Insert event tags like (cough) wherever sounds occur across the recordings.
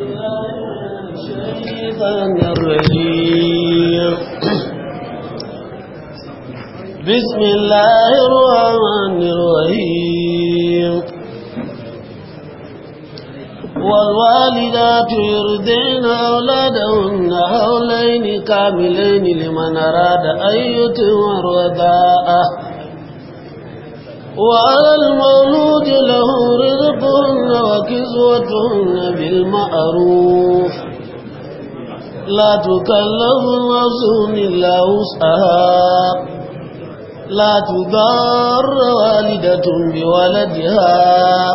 الشيطان الرجيم بسم الله الرحمن الرحيم والوالدات يرضين أولادهن حولين كاملين لمن أراد أن يتم رضاءه وعلى المولود له رزق وكسوة بالمعروف لا تكلف نفس إلا وسعها لا تضار والدة بولدها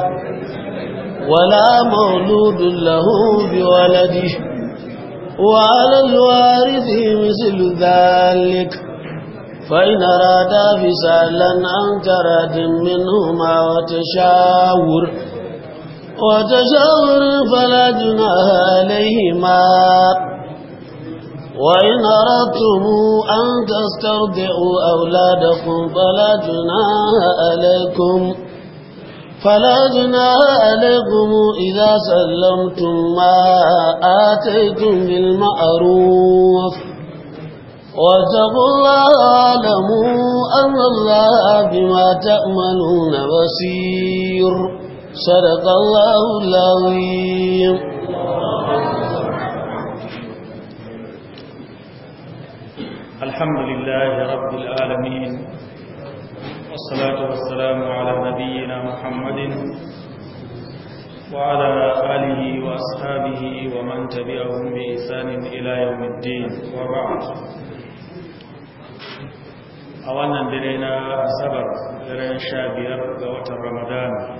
ولا مولود له بولده وعلى الوارث مثل ذلك فإن أرادا فسالا عن كراد منهما وتشاور وتشاور فلا جناح عليهما وإن أردتم أن تسترضعوا أولادكم فلا جناح عليكم فلا جناح عليكم إذا سلمتم ما آتيتم بالمعروف واتقوا الله واعلموا أن الله بما تأملون بصير صدق الله العظيم الحمد لله رب العالمين والصلاة والسلام على نبينا محمد وعلى آله وأصحابه ومن تبعهم بإحسان إلى يوم الدين وبعد a wannan dare na asabar daren sha biyar ga watan ramadana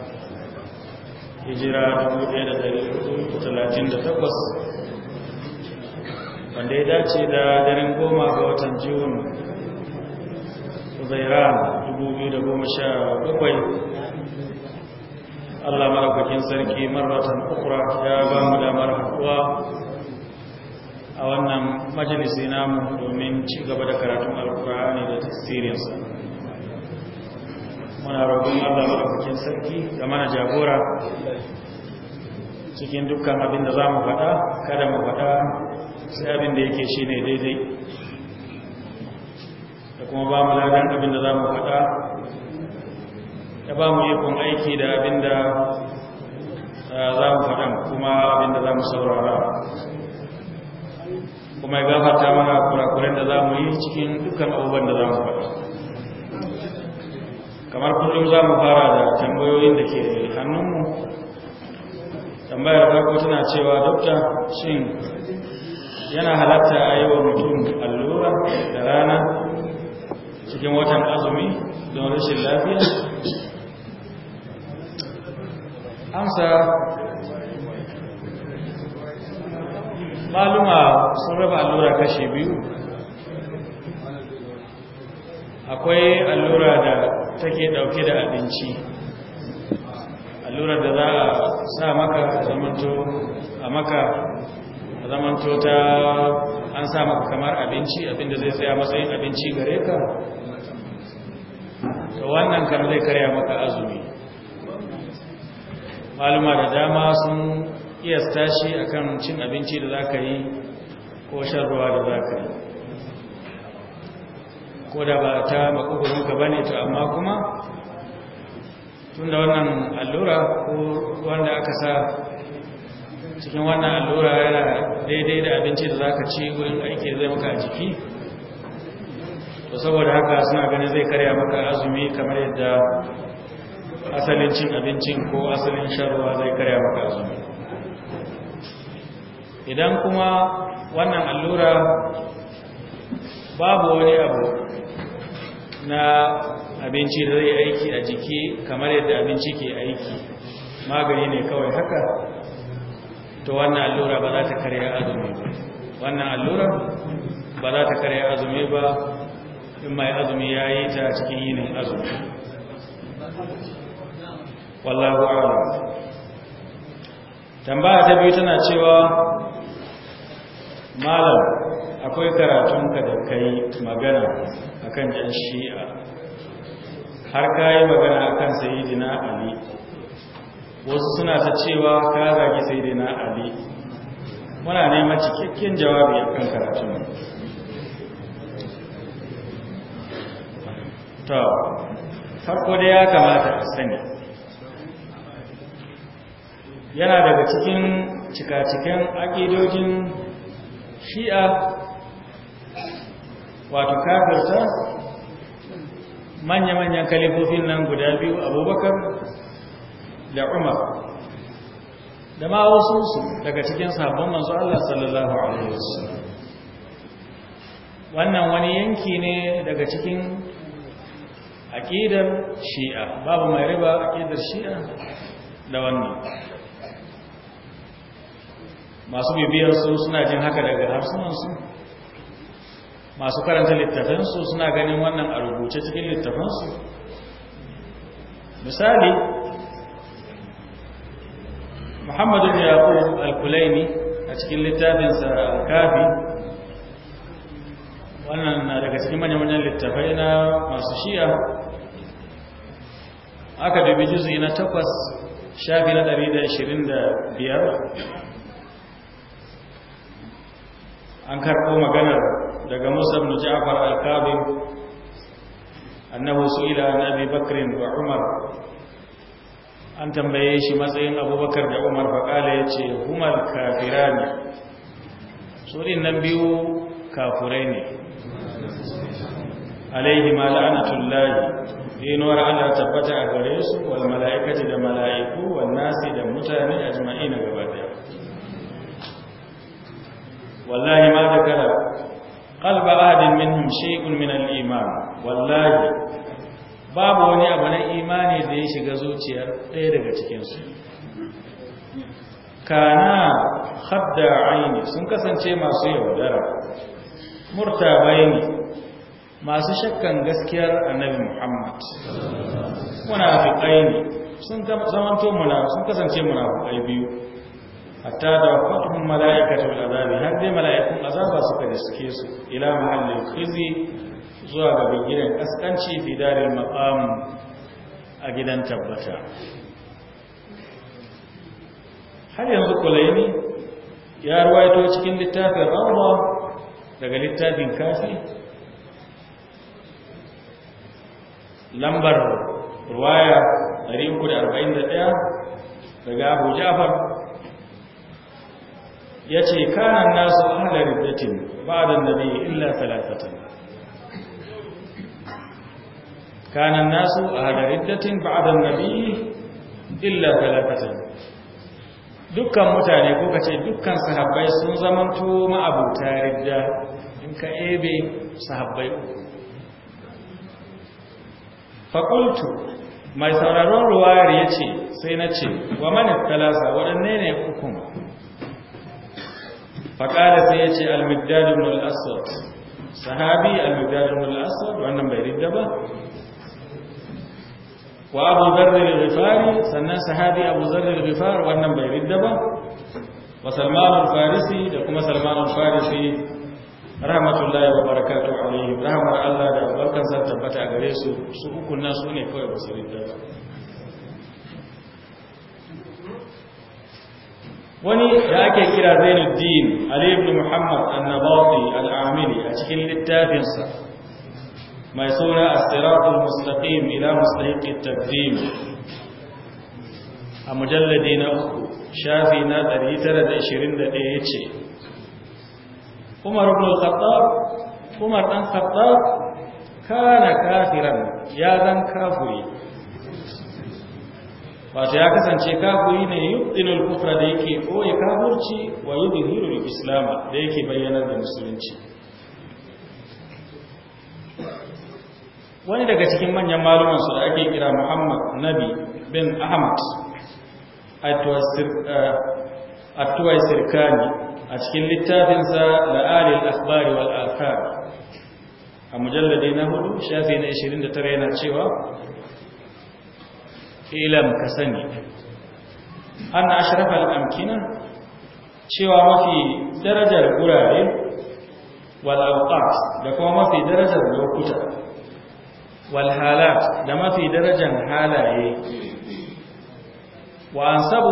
hijira 1438 wanda ya dace da daren goma ga watan jiun zairan 2017 Allah marafakin sarki marratan ukura ya ba mu damar haɗuwa a wannan majalisi namu domin ci gaba da karatun alkur'ani da tasirinsa muna roƙon allah maɗaukakin sarki da mana jagora cikin dukkan abin da za mu faɗa kada mu faɗa sai abin da yake shi ne daidai da kuma ba mu ladan abin da za mu faɗa ya ba mu ikon aiki da abin da eh, za mu faɗa kuma abin da za mu saurara kuma ya gafarta mana kurakuren da za mu yi cikin dukkan abubuwan da za mu faɗi kamar kullum za mu fara da tambayoyin da ke hannunmu tambayar farko tana cewa dokta shin yana halatta a yi wa mutum allura da rana cikin watan azumi don rashin lafiya amsa maluma sun raba allura kashi biyu akwai allura da take dauke da abinci allura da za a sa maka zamanto a maka zamanto ta an sa maka kamar abinci abinda zai tsaya matsayin abinci gare ka to wannan kan zai karya maka azumi maluma da dama sun kiyasta shi akan cin abinci da zaka yi ko shan ruwa da zaka yi ko da ba ta makogoronka ba ne to amma kuma tun da wannan allura ko wanda aka sa cikin wannan allura yana daidai da abinci da zaka ci wurin aiki zai maka jiki to saboda haka suna ganin zai karya maka azumi kamar yadda asalin cin abincin ko asalin sharwa zai karya maka azumi idan kuma wannan allura babu wani abu na abinci da zai aiki a jiki kamar yadda abinci ke aiki magani ne kawai haka to wannan allura ba za ta karya azumi ba wannan allura ba za ta karya azumi ba in mai azumi ya yi ta cikin yinin azumi wallahu a'lam tambaya ta biyu tana cewa malam akwai karatunka da kai magana akan yan shi'a har ka yi magana akan sayidina ali wasu suna ta cewa ka zagi sayidina ali muna neman cikakken jawabi kan karatun ta farko da ya kamata a sani yana daga cikin cika-cikin akidojin shi'a wato kafirta manya-manyan kalifofin nan guda biyu abubakar da umar da ma wasu su daga cikin sabon manzo Allah sallallahu alaihi wasallam wannan wani yanki ne daga cikin aƙidar shi'a babu mai riba aƙidar shi'a da wannan masu bibiyar su suna jin haka daga harsunansu masu karanta littafinsu suna ganin wannan a rubuce cikin littafinsu misali muhammadu ya al alkulaini a cikin littafinsa al-kafi wannan na daga cikin manyan littafai na masu shiya aka dubi juzi na takwas shafi na 125 an karɓo maganar daga musa bin ja'far al-kabir annahu su'ila an abi bakr wa umar an tambaye shi matsayin abubakar da umar bakala ya ce humal kafirani su nan biyu kafurai ne alaihi mala'anatullahi dinuwar ala tabbata a gare su wal mala'ikati da mala'iku wal nasi da mutane ajma'ina gaba wallahi ma dakara qalba ahadin minhum shay'un min al-iman wallahi babu wani abu na imani da ya shiga zuciyar ɗaya daga cikin su kana khadda aini sun kasance masu yaudara murtabaini masu shakkan gaskiyar annabi Muhammad munafiqaini sun zamanto sun kasance munafiqai biyu hatta da mala'ika mala'ikatul azabi har dai mala'ikun azaba suka diske su ila mahallin kuzi zuwa ga gidan kaskanci fi daril a gidan tabbata har yanzu kulaini ya ruwaito cikin littafin rawda daga littafin kafi lambar ruwaya 341 daga abu ja'far ya ce kanan nasu halar riddatin ba da nabi illa talatatan kanan nasu halar riddatin ba da nabi illa talatatan dukkan mutane ko ka ce dukkan sahabbai sun zamanto ma'abuta ridda in ka ebe sahabbai uku fakultu mai sauraron ruwayar ya ce sai na ce wa manin talasa waɗanne ne ukun faƙada sai ya ce almiddadun al'asad sahabi almiddadun al'asad wannan bai ridda ba wa abu zarri al-ghifari sannan sahabi abu zarri al-ghifar wannan bai ridda ba wa salman al-farisi da kuma salman al-farisi rahmatullahi wa barakatu alaihi rahmar Allah da albarkar sa tabbata gare su su uku nan su ne kawai basu ridda ba wani da ake kira zainuddin ali ibn muhammad annabati al'amili a cikin littafinsa mai suna asiratul mustaqim ila mustahiqi taqdim a mujalladi na uku shafi na 921 yace umar ibn al-khattab umar dan khattab kana kafiran ya zan kafuri. wato ya kasance kafiri ne yubdinul kufra da yake koyi kafirci wa yudhirul islam da yake bayyanar da musulunci wani daga cikin manyan maluman su da ake kira Muhammad Nabi bin Ahmad Atuwai Sirkani eh, a cikin littafinsa alil Akhbari wal Athar a mujalladi na hudu shafi na 29 yana cewa ilam ka sani an ashrafa al-amkina cewa mafi darajar gurare wal da kuma mafi darajar lokuta wal da mafi darajar halaye wa sabu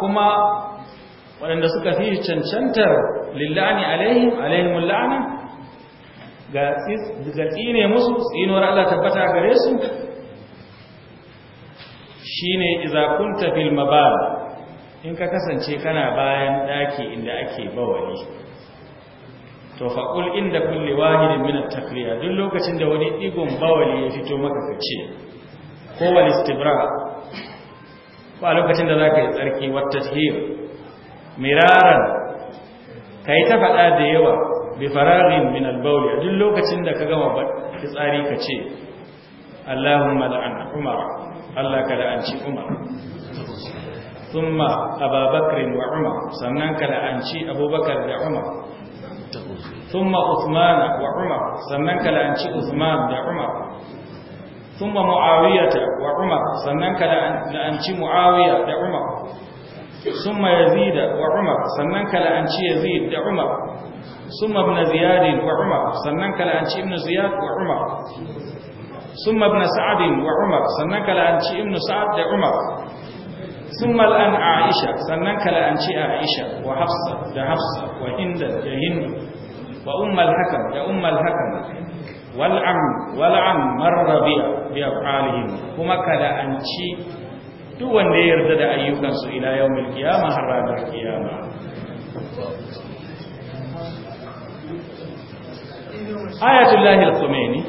kuma waɗanda suka fi cancantar lillani alaihim alaihimul la'ana ga tsine musu tsinuwar Allah tabbata gare su shine ne kunta fil mabal in ka kasance kana bayan ɗaki inda ake bawali to faƙul inda kulle wahidin min takriya duk lokacin da wani ɗigon bawani ya fito maka kace ko wani stibra ko a lokacin da za ka yi tsarki wata tathhir miraran yi ta faɗa da yawa bi fararin min al duk lokacin da ka gama fitsari kace Allahumma la'an umara Allah ka la'anci Umar thumma Abu Bakr wa Umar sannan ka la'anci Abubakar da Umar thumma Uthman wa Umar sannan ka la'anci Uthman da Umar thumma Muawiyah wa Umar sannan ka la'anci Muawiyah da Umar Yazid wa Umar, sannan ka la'anci Yazid da Umar. يزيد وعمر ثم wa Umar, sannan ka la'anci Ibn ابن wa Umar. summa ibn sa'd wa umar sannan kala an ci da umar summa al'an aisha sannan kala an aisha wa hafsa da hafsa wa da hindu wa ummul hakam da ummul kuma kala an duk wanda ya yarda da ayyukansu ila yawmil qiyama har ranar qiyama ayatul al-khomeini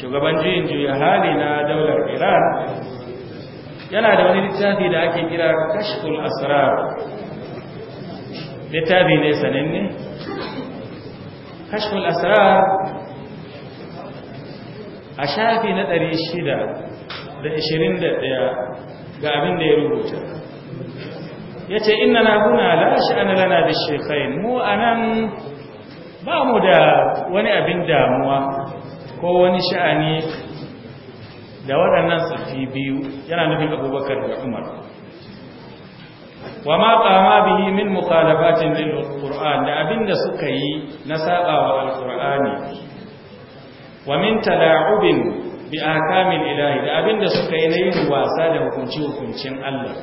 shugaban juyin juya hali na daular iran yana da wani littafi da ake kira kashful asara. littafi ne sananne kashful asara a shafi na 621 ga abin da ya rubuta ya ce ina na huna lashi ana lana da shekai mu a nan ba mu da wani abin damuwa ko wani sha'ani da waɗannan tsaffi biyu yana nufin abubakar da umar wa ma qama bihi min mukhalafatin lil qur'an da abinda suka yi na sabawa al qur'ani wa min tala'ubin bi ahkamil ilahi da abinda suka yi na yin wasa da hukunci hukuncin Allah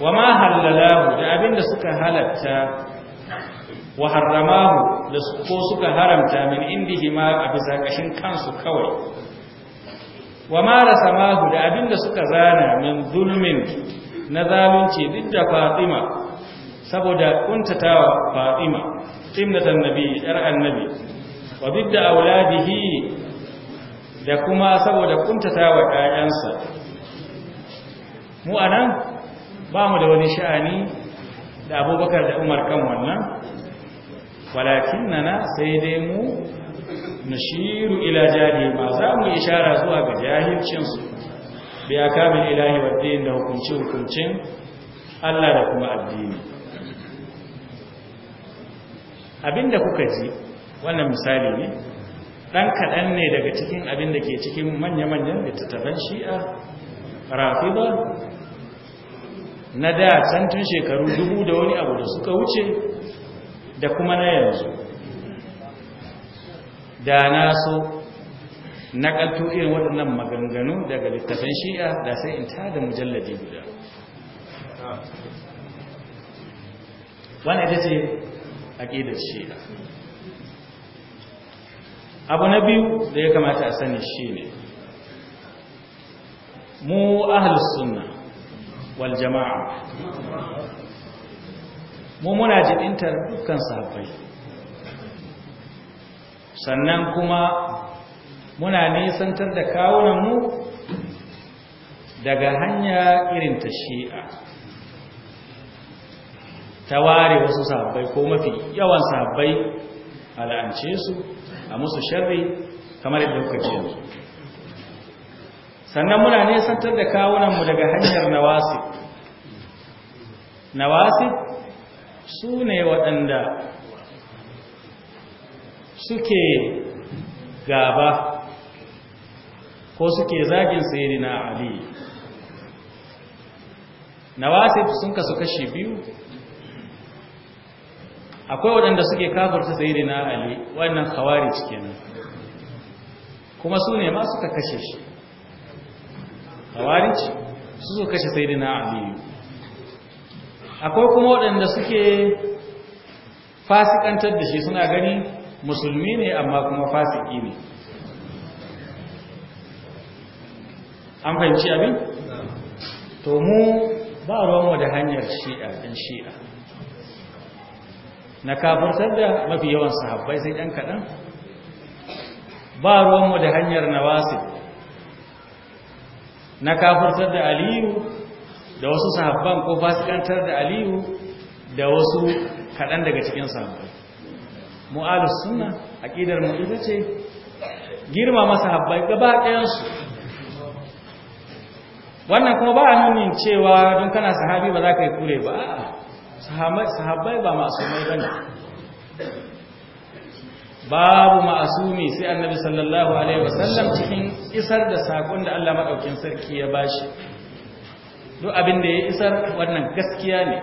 wa ma halalahu da abinda suka halatta wa harramahu da ko suka haramta min indihima a bisa kashin kansu kawai wa ma rasamahu da abinda suka zana min zulmin na zalunci duk da Fatima saboda kuntatawa Fatima timnatan nabi yar annabi wa bidda auladihi da kuma saboda kuntatawa ƴaƴansa mu anan ba mu da wani sha'ani da abubakar da umar kan wannan na sai dai mu nashiru ila jahili ma za mu ishara zuwa ga jahilcinsu bi akamin ilahi wa da hukunci hukuncin Allah da kuma addini abinda kuka ji wannan misali ne ɗan kaɗan ne daga cikin abinda ke cikin manya-manyan littattafan shi'a rafidar na da can tun shekaru dubu da wani abu da suka wuce da kuma na yanzu da na so na ƙalto irin waɗannan maganganu daga littafin shi'a da sai in tada mujallaji guda wani ita ce a aƙidar shi'a abu na biyu da ya kamata a sani shi ne mu ahal sunna wal jama'a mu muna jiɗinta dukkan sahabbai sannan kuma muna nisantar da kawunanmu daga hanya irin ta shi'a ta ware wasu sahabbai ko mafi yawan sahabbai la'ance su a musu sharri kamar yadda kuka ce sannan muna nisantar da kawunanmu daga hanyar nawasi nawasif su ne waɗanda suke gaba ko suke zagin na ali nawasif sun kasu kashi biyu akwai waɗanda suke kafarta na ali wannan kawari ne kuma su ne ma suka kashe shi kawari su suka kashe na aliyu akwai kuma waɗanda suke fasikantar da shi suna gani musulmi ne amma kuma fasiki ne an fahimci abin? to mu ba ruwanmu da hanyar shi'a ɗin shi'a na kafurtar da mafi yawan sahabbai sai ɗan kaɗan ba ruwanmu da hanyar nawasi na kafurtar da aliyu da wasu sahabban ko fasikantar da aliyu da wasu kaɗan daga cikin sahabban mu'alus a ƙidar mu ita ce girma masa habbai gaba ɗayansu wannan kuma ba a nuni cewa don kana sahabi ba za ka yi kure ba sahabbai ba mai ba ne babu ma'asumi sai annabi sallallahu alaihi wasallam cikin isar da sakon da Allah madaukin sarki ya bashi duk abin da ya isar wannan gaskiya ne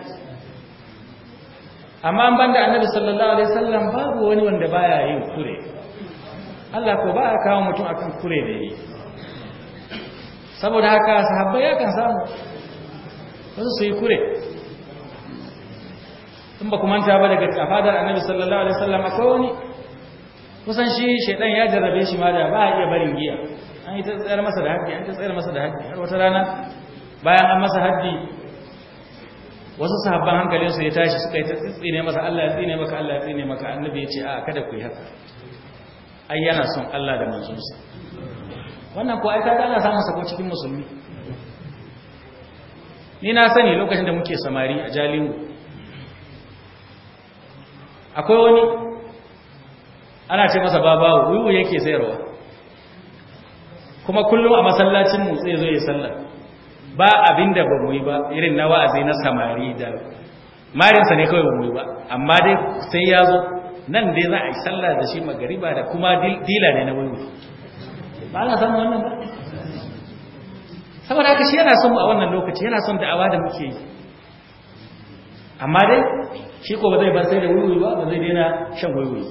amma an banda annabi sallallahu alaihi wasallam babu wani wanda baya yin kure Allah ko ba ya kawo mutum akan kure da yi saboda haka sahabbai ya kan samu wasu su yi kure in ba ku manta ba daga kafadar annabi sallallahu alaihi wasallam akwai wani kusan shi shaidan ya jarrabe shi ma da ba a iya barin giya an yi ta tsayar masa da haƙƙi an ta tsayar masa da haƙƙi har wata rana bayan an masa haddi wasu sahabban hankalin su ya tashi suka yi ta tsine masa Allah ya tsine maka Allah ya tsine maka annabi ya ce a kada ku yi haka ai yana son Allah da manzonsa wannan ko ai kaga ana samun sako cikin musulmi ni na sani lokacin da muke samari a jalingo akwai wani ana ce masa babawo wuyu yake sayarwa kuma kullum a masallacin mu sai zo ya sallah ba abin da ba ba irin na wa'azi na samari da marinsa ne kawai ba ba amma dai sai ya zo nan dai za a yi sallah da shi magariba da kuma dila ne na wani ba ana samun wannan ba saboda haka shi yana son mu a wannan lokaci yana son da'awa da muke yi amma dai shi ko ba zai ba sai da wuri ba ba zai daina shan wuri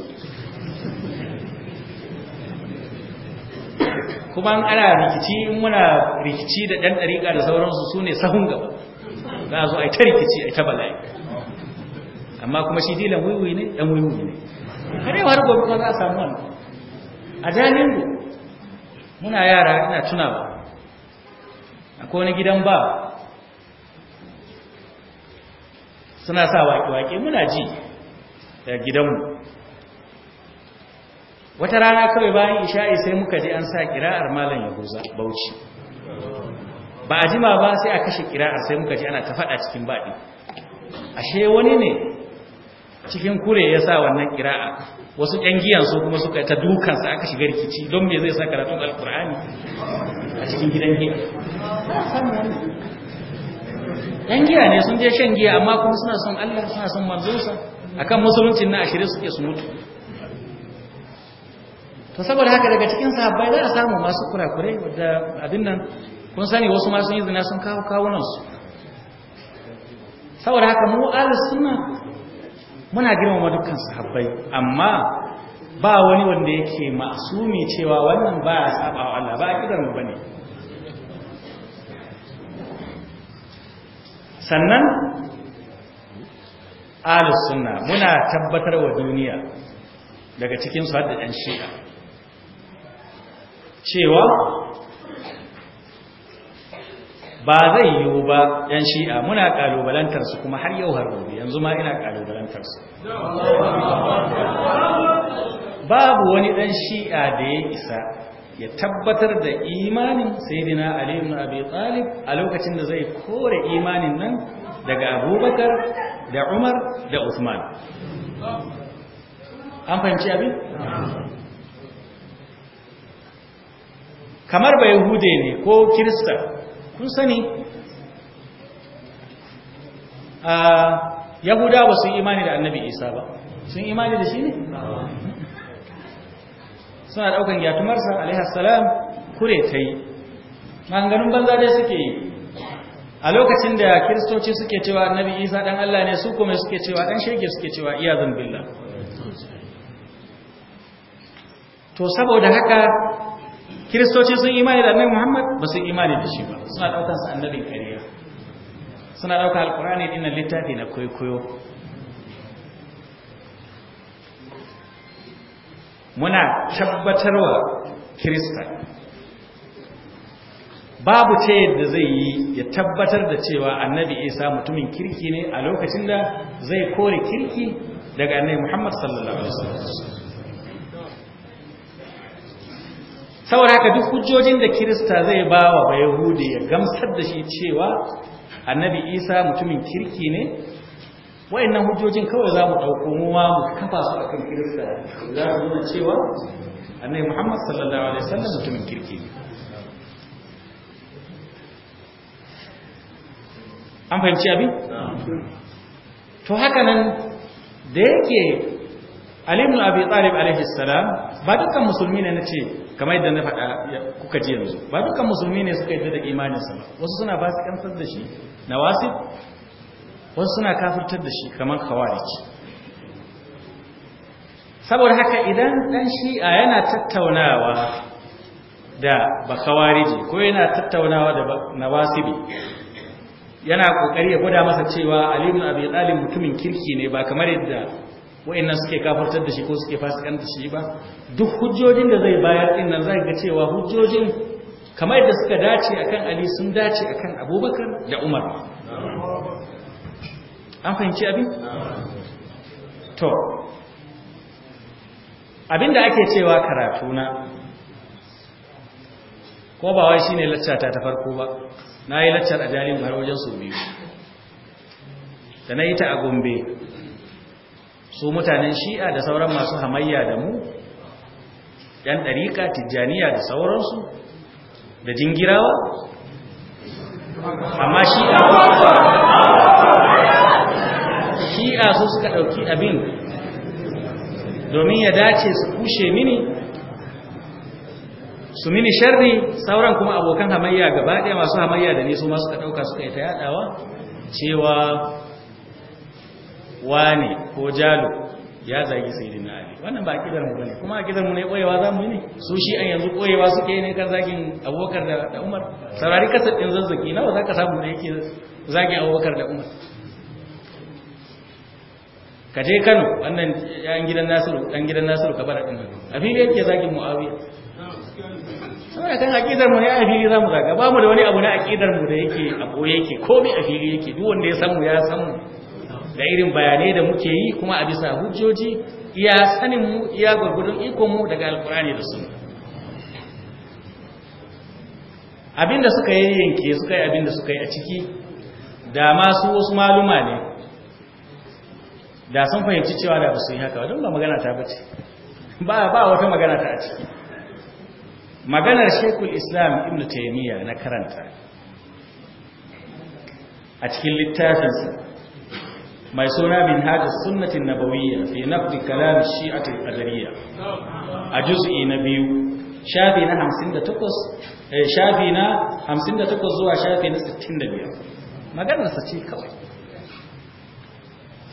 kuma an ana rikici muna rikici da ɗan ɗariƙa da sauransu su ne sahun gaba za a zo a yi ta rikici a yi ta bala'i amma kuma shi dilan wiwi ne ɗan wiwi ne kare har gobe kuma za a samu wani a jalingo muna yara ina tuna ba a kone gidan ba suna sa waƙe-waƙe muna ji da gidanmu wata rana kawai bayan isha'i sai muka je an sa kira'ar malam yahuza bauchi ba a jima ba sai a kashe kira'ar sai muka je ana ta faɗa cikin baɗi ashe wani ne cikin kure ya sa wannan kira'a wasu ƴan giyan su kuma suka ta dukansa aka shiga rikici don me zai sa karatun alkur'ani a cikin gidan giya ƴan giya ne sun je shan giya amma kuma suna son allah suna son manzonsa akan musuluncin na ashirin suke su mutu to saboda haka daga cikin sahabbai za a samu masu kurakurai da abin nan kun sani wasu masu yi zina sun kawo kawunansu saboda haka mu alis suna muna girmama dukkan sahabbai amma ba wani wanda yake mai cewa wannan ba ya saba wa Allah ba a kidar mu bane sannan alis suna muna tabbatar wa duniya daga cikin su hadda ɗan shi'a cewa ba zai yiwu ba yan shi'a muna kalubalantarsu kuma har yau har gobe yanzu ma ina kalubalantarsu babu wani dan shi'a da ya isa ya tabbatar da imanin sayyidina Aliyu na abu talib a lokacin da zai kore imanin nan daga abubakar da umar da usman an fahimci abin kamar ba yahude ne ko kirista kun sani a ah, yahuda ba sun imani da annabi isa ba sun imani da shi ne suna daukan gyatumarsa alaihassalam kure ta yi ganin banza dai suke yi a lokacin da kiristoci suke cewa annabi isa dan allah ne su kuma suke cewa dan shege suke cewa iya zambilla to saboda haka kiristoci sun imani da annabi muhammad ba sun imani da shi ba suna dauka su annabin karya, suna dauka alkur'ani dinan littafi na kwaikwayo muna tabbatarwa kirista babu ce yadda zai yi ya tabbatar da cewa annabi isa mutumin kirki ne a lokacin da zai kore kirki daga annabi muhammad sallallahu alaihi wasallam saboda haka duk hujjojin da kirista zai ba wa bayahudi ya gamsar da shi cewa annabi isa mutumin kirki ne wa'annan hujjojin kawai za mu ɗauko muwa mu kafa su akan kirista za mu nuna cewa annabi muhammad sallallahu alaihi wasallam mutumin kirki ne an fahimci abin to haka nan da yake Ali ibn Abi Talib alaihi salam ba dukkan musulmi ne nace kamar yadda na faɗa kuka ji yanzu ba dukkan musulmi ne suka yarda da imanin sa wasu suna ba su kansar da shi wasif, wasu suna kafirtar da shi kamar khawarij saboda haka idan dan shi'a yana tattaunawa da bakawariji ko yana tattaunawa da nawasibi yana kokari ya gwada masa cewa Ali ibn Abi Talib mutumin kirki ne ba kamar yadda wa'in suke kafartar da shi ko suke fasikantar da shi ba duk hujjojin da zai bayar din nan zai ga cewa hujjojin kamar da suka dace akan Ali sun dace akan Abubakar da Umar an fahimci abin to abinda ake cewa karatuna ko ba wai shine laccata ta farko ba na yi laccar a jarin har wajen su biyu da na yi ta a gombe su mutanen shi'a da sauran masu hamayya da mu yan ɗariƙa tijjaniya da sauransu da jingirawa amma shi'a shi'a su suka ɗauki abin domin ya dace su kushe mini su mini sharri sauran kuma abokan hamayya gaba ɗaya masu hamayya da ne su masu ɗauka suka yi ta yaɗawa cewa wane ko jalo ya zagi sayyidina ali wannan ba kidan mu bane kuma kidan mu ne koyewa zamu yi ne su shi an yanzu koyewa suke ne kan zagin abubakar da umar saurari kasar din zazzaki nawa zaka samu da yake zagin abubakar da umar ka je Kano wannan yan gidan Nasiru dan gidan Nasiru ka bar din a fili yake zagin Muawiya sai kan akidar mu ne a fili zamu zaga ba mu da wani abu na akidar mu da yake a boye yake komai a fili yake duk wanda ya san mu ya san mu da irin bayanai da muke yi kuma a bisa hujjoji iya sanin mu iya gurgudun ikon mu daga alkurani da sunna abinda suka yi yanke suka yi abinda suka yi a ciki da masu wasu maluma ne da sun fahimci cewa da basu yi haka don ba magana ta bace ba ba wata magana ta a ciki maganar shekul islam ibn taymiya na karanta a cikin littafinsa mai suna min hada sunnatin nabawiyya fi nafdi kalam shi'ati al-qadariyya a juz'i na biyu shafi na 58 eh, shafi na 58 zuwa shafi na 65 maganar sa ce kawai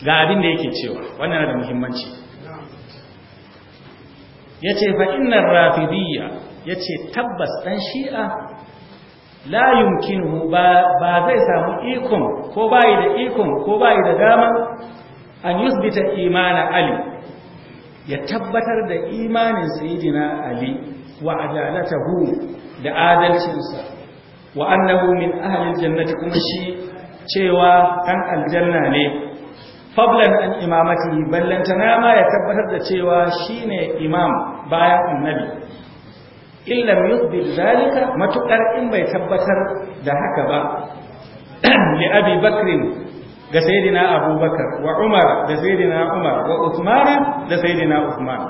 ga abin da yake cewa wannan na da muhimmanci yace fa innar rafidiyya yace tabbas dan shi'a la yumkinuhu ba zai samu ikon ko yi da ikon ko yi da dama an yusbita imana ali ya tabbatar da imanin sayyidina ali wa adalatahu da adalcinsa wa annahu min ahli jannati kuma shi cewa an aljanna ne fablan an imamati ballantana ma ya tabbatar da cewa shine imam bayan annabi illam yusbil zalika matukar in bai tabbatar da haka ba (clears throat) li abi bakrin ga sayyidina abubakar wa umar da sayyidina umar wa usman da sayyidina usman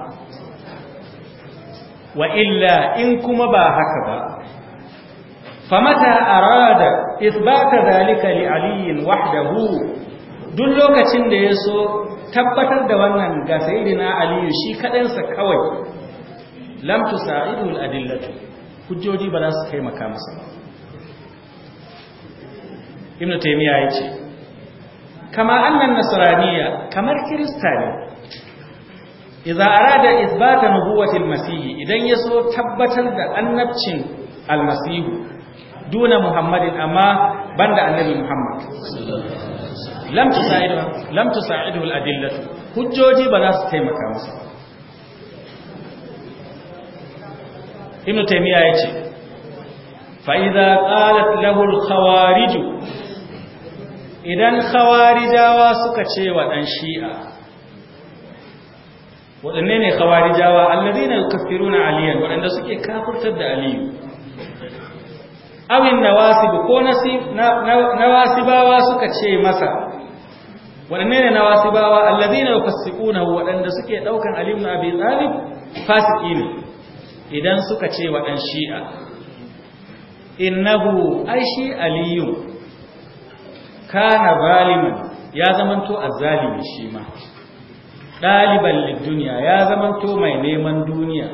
wa illa in kuma ba haka ba famata arada isbata zalika li aliyin wahdahu duk lokacin da ya so tabbatar da wannan ga sayyidina aliyu shi kadansa kawai lam tusa'idu al-adillatu hujjoji ba za su kai maka masa ba ibnu taymiya yace kama annan Nasiraniya kamar Kirista kristani idza arada isbata nubuwati al-masih idan so tabbatar da annabcin al-masih duna muhammadin amma banda annabi muhammad Lamtu, tusa'idu lam tusa'idu al-adillatu hujjoji ba za su taimaka masa ibn taymiya yace fa idza qalat lahu al khawarij idan khawarijawa suka ce wa dan shi'a wadanne ne khawarijawa alladhina yukaffiruna aliyan wadanda suke kafurtar da aliyu awin nawasib ko nawasibawa suka ce masa wadanne ne nawasibawa alladhina yukassiquna wadanda suke daukan ali ibn abi talib fasiki ne idan suka ce wa ɗan shi'a innahu ai shi aliyu kana zaliman ya zamanto zalimi shi ma ɗaliban duniya ya zamanto mai neman duniya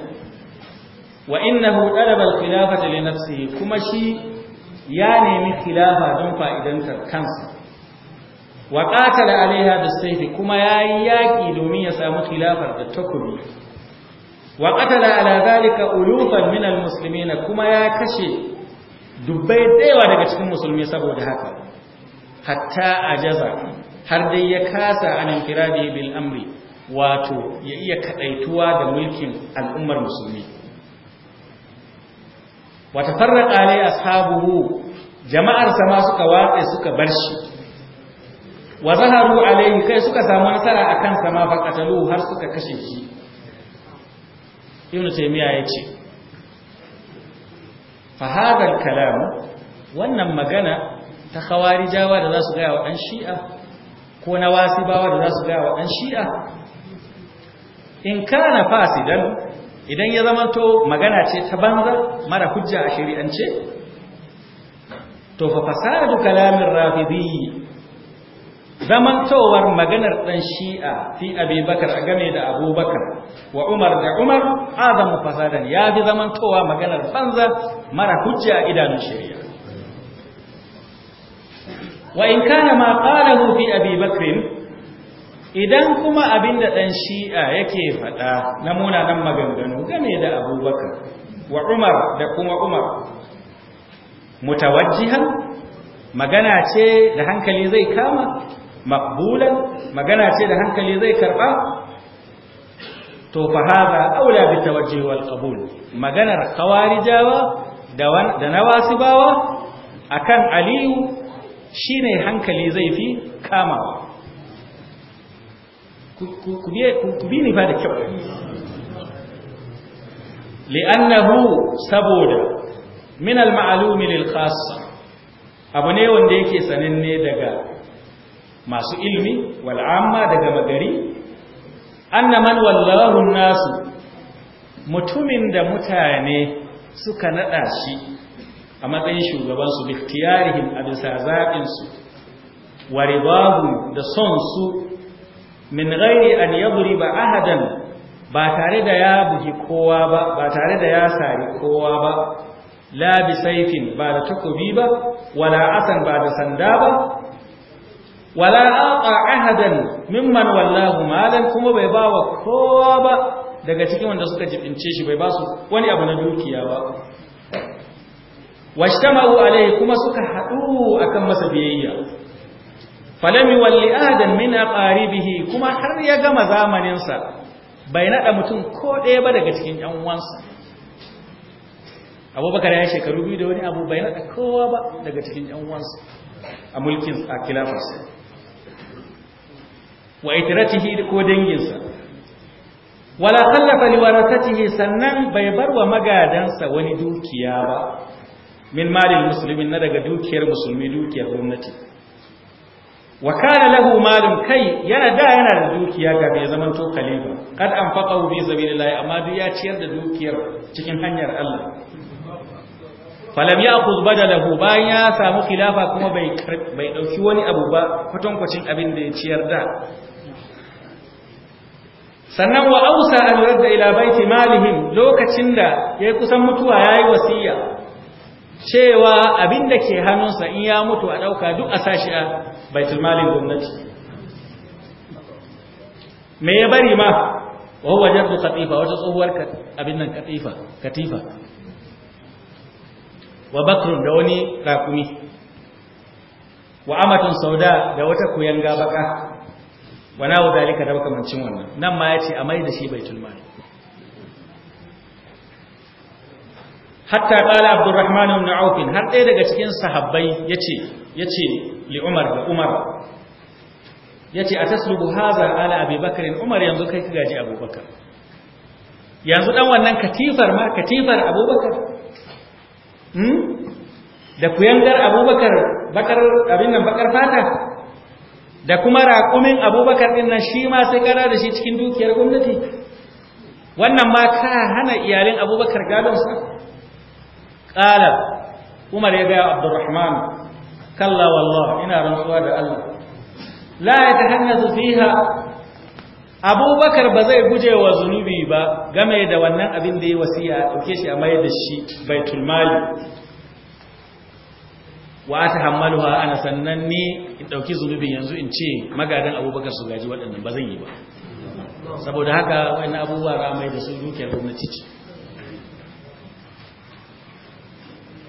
wa innahu ɗalabal khilafata li nafsihi kuma shi ya nemi filafa don fa'idantar kansa wa qatala alaiha da kuma kuma yayi yaƙi domin ya samu khilafar da takobi wa qatala ala zalika ulufan min almuslimina kuma ya kashe dubbai dayawa daga cikin musulmi saboda haka hatta ajaza har dai ya kasa an infiradi bil amri wato ya iya kadaituwa da mulkin al'ummar musulmi wa tafarraqa alai ashabuhu jama'ar sama suka watsa suka bar shi wa zaharu alaihi kai suka samu nasara akan sama fa har suka kashe shi ibn taymiya ya ce fa hadal kalam wannan magana ta khawarijawa da za su gaya wa ɗan shi'a ko na wasibawa da za su gaya wa ɗan shi'a in kana fasidan idan ya zamanto magana ce ta banza mara hujja a shari'ance to fa fasadu kalamin rafidi zamantowar maganar dan shi'a fi abubakar a game da abubakar wa umar da umar azamu fasadan ya fi zamantowa maganar banza mara hujja a idanun shari'a wa in kana ma qalahu fi abubakar idan kuma abinda ɗan shi'a yake faɗa na munanan maganganu game da abubakar wa umar da kuma umar mutawajjihan magana ce da hankali zai kama maqbulan magana ce da hankali zai karba to fa hada aula bi tawajjuh wal qabul maganar khawarijawa da wan nawasibawa akan aliyu shine hankali zai fi kama. ku biye ku bi ni ba da kyau li'annahu saboda min al-ma'lumi lil khassa abu ne wanda yake sananne daga masu ilmi wal'amma daga magari annaman wallahun nasu mutumin da mutane suka nada shi a matsayin shugabansu biktiyarihim a bisa zaɓinsu wa da son su min gairi an yabri ba ahadan ba tare da ya bugi kowa ba ba tare da ya sari kowa ba la saifin ba da takobi ba wala asan ba da sanda ba wala aqa ahadan mimman wallahu malan kuma bai ba wa kowa ba daga cikin wanda suka jibince shi bai ba su wani abu na dukiya ba washtamau alayhi kuma suka hadu akan masa biyayya falami walli ahadan min aqaribihi kuma har ya gama zamanin sa bai nada mutum ko ɗaya ba daga cikin ƴan uwansa abubakar ya shekaru biyu da wani abu bai nada kowa ba daga cikin ƴan uwansa a mulkin a kilafarsa wa itratihi ko danginsa wala khallafa warathatihi sannan bai bar wa magadansa wani dukiya ba min malil muslimin na daga dukiyar musulmi dukiyar gwamnati wa kana lahu malun kai yana da yana da dukiya ga bai zaman to kalifa kad anfaqahu bi sabilillah amma duk ya ciyar da dukiyar cikin hanyar Allah falam ya'khudh badalahu bayan ya samu khilafa kuma bai bai dauki wani abu ba kwatankwacin abin da ya ciyar da sannan wa ausa an yarda ila baiti malihim lokacin da yayi kusan mutuwa yayi wasiya cewa abinda ke hannunsa in ya mutu a dauka duk a sashi a baitul malin gwamnati me ya bari ma wa huwa jaddu khatifa wata tsohuwar abin nan katifa katifa wa bakrun da wani rakumi wa amatun sauda da wata kuyanga baka wana wa zalika da makamancin wannan nan ma yace a mai da shi baitul mali hatta qala abdurrahman ibn auf har ɗaya daga cikin sahabbai yace yace li umar da umar yace ataslubu hadha ala abi bakr umar yanzu kai ka gaji abubakar yanzu dan wannan katifar ma katifar abubakar hmm da kuyangar abubakar bakar abin nan bakar fata da kuma raƙumin abubakar ɗin nan shi ma sai kara da shi cikin dukiyar gwamnati wannan ma ka hana iyalin abubakar gadonsa ƙalar umar ya gaya abdurrahman kalla wallah ina rantsuwa da allah la ya ta fiha abubakar ba zai guje wa zunubi ba game da wannan abin da ya wasiya a ɗauke shi a mayar da shi bai mali wa ta tahammaluha ana sannan ni in ɗauki zunubin yanzu in ce magadan abubakar su gaji waɗannan ba zan yi ba saboda haka wani abubuwa ramai da su duke gwamnati ce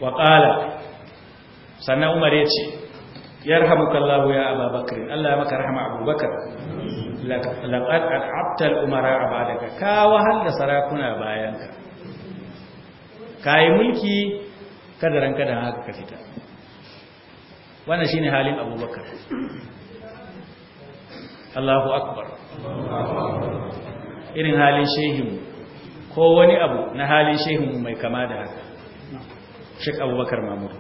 wa ƙala sannan umar ya ce yarhamukallahu ya ababakar Allah ya maka rahama abubakar laqad al'abta umara abadaka ka wahal da sarakuna bayanka kayi mulki kadaran kadan haka ka fita wannan shine halin abubakar Allahu akbar irin halin shehin ko wani abu na halin shehin mai kama da haka Sheikh Abubakar Mamudu.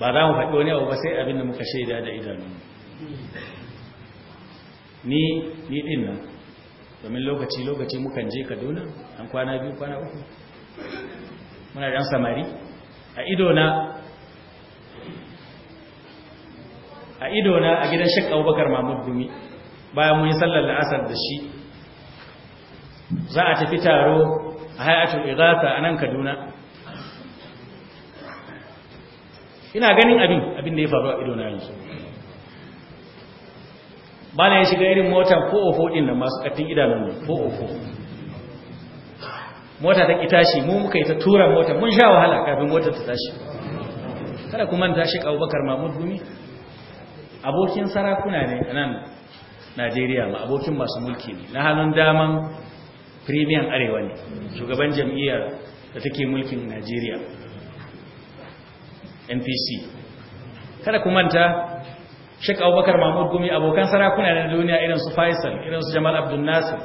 ba za mu faɗi wani abu ba sai abin da muka shaida da idanu ni ni din nan domin lokaci lokaci mukan je Kaduna an kwana biyu kwana uku muna ɗan samari a idona a idona a gidan shek abubakar mahmud dumi bayan mun yi sallar la'asar da shi za a tafi taro a hayatu ighatha a nan kaduna ina ganin abin abin da ya faru a idona yanzu ba na ya shiga irin mota ofo oh din da masu ƙarfin idanun ne ofo oh mota ta ƙi tashi mu muka yi ta tura mota mun sha wahala kafin mota ta tashi kada kuma ta shi abubakar mahmud gumi abokin sarakuna ne a nan najeriya ma abokin masu mulki ne na hannun daman premium arewa ne shugaban jam'iyyar da take mulkin najeriya npc kada ku manta shek Abubakar Mahmud Gumi abokan sarakuna na duniya irin su Faisal, irin su Jamal Abdul Nasir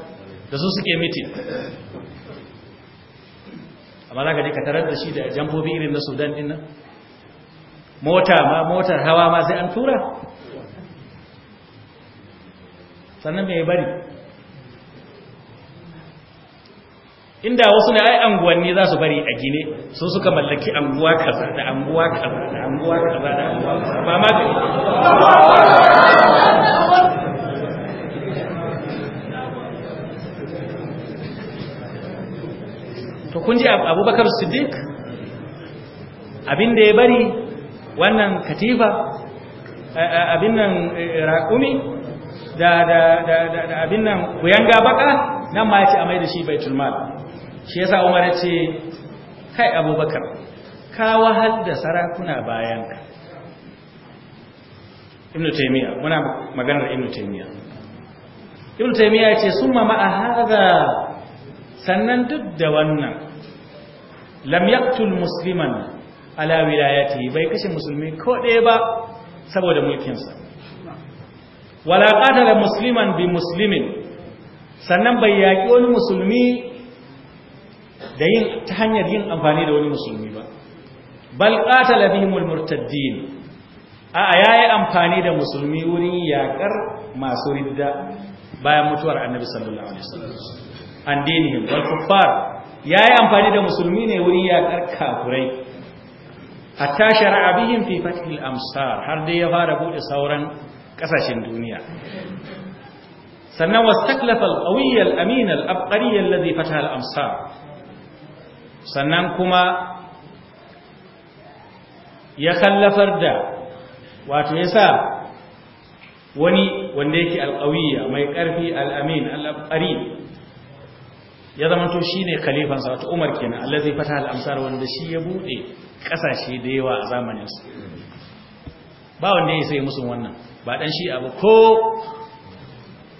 da su suke mitin. Amma za ka je ka tarar da shi da jambobi irin na Sudan din mota ma motar hawa ma sai an tura sannan mai bari inda wasu ne ai anguwanni za su bari a gine su suka mallaki anguwa kaza da anguwa kaza da anguwa kaza da anguwa kaza ba ma to kun ji abubakar siddiq abinda ya bari wannan katifa abin nan e, raƙumi da abin nan kuyanga baka nan ma ya a mai da shi baitul mal shi yasa umar ya ce kai abubakar ka wahal da sarakuna ka. ibnu taymiya muna maganar ibnu taymiya ibnu taymiya ya ce summa ma haza. sannan duk da wannan lam yaqtul musliman ala wilayati bai kashe musulmi ko ɗaya ba saboda mulkinsa wala qatala musliman bi muslimin sannan bai yaƙi wani musulmi da yin ta hanyar yin amfani da wani musulmi ba bal qatala bihimul murtaddin a yi amfani da musulmi wurin yakar masu ridda bayan mutuwar annabi sallallahu alaihi wasallam an dinihim wal kuffar yayi amfani da musulmi ne wurin yakar kafurai hatta shara'a bihim fi fathil amsar har dai ya fara bude sauran kasashen duniya sannan wastaklafa al-qawiy al alladhi fataha sannan kuma ya kallafar da wato yasa wani wanda yake al mai karfi al-amin ya zama to shine khalifan sa wato Umar kenan allazi fataha wanda shi ya bude kasashe da yawa a zamaninsu ba wanda ya sai musu wannan ba dan shi abu ko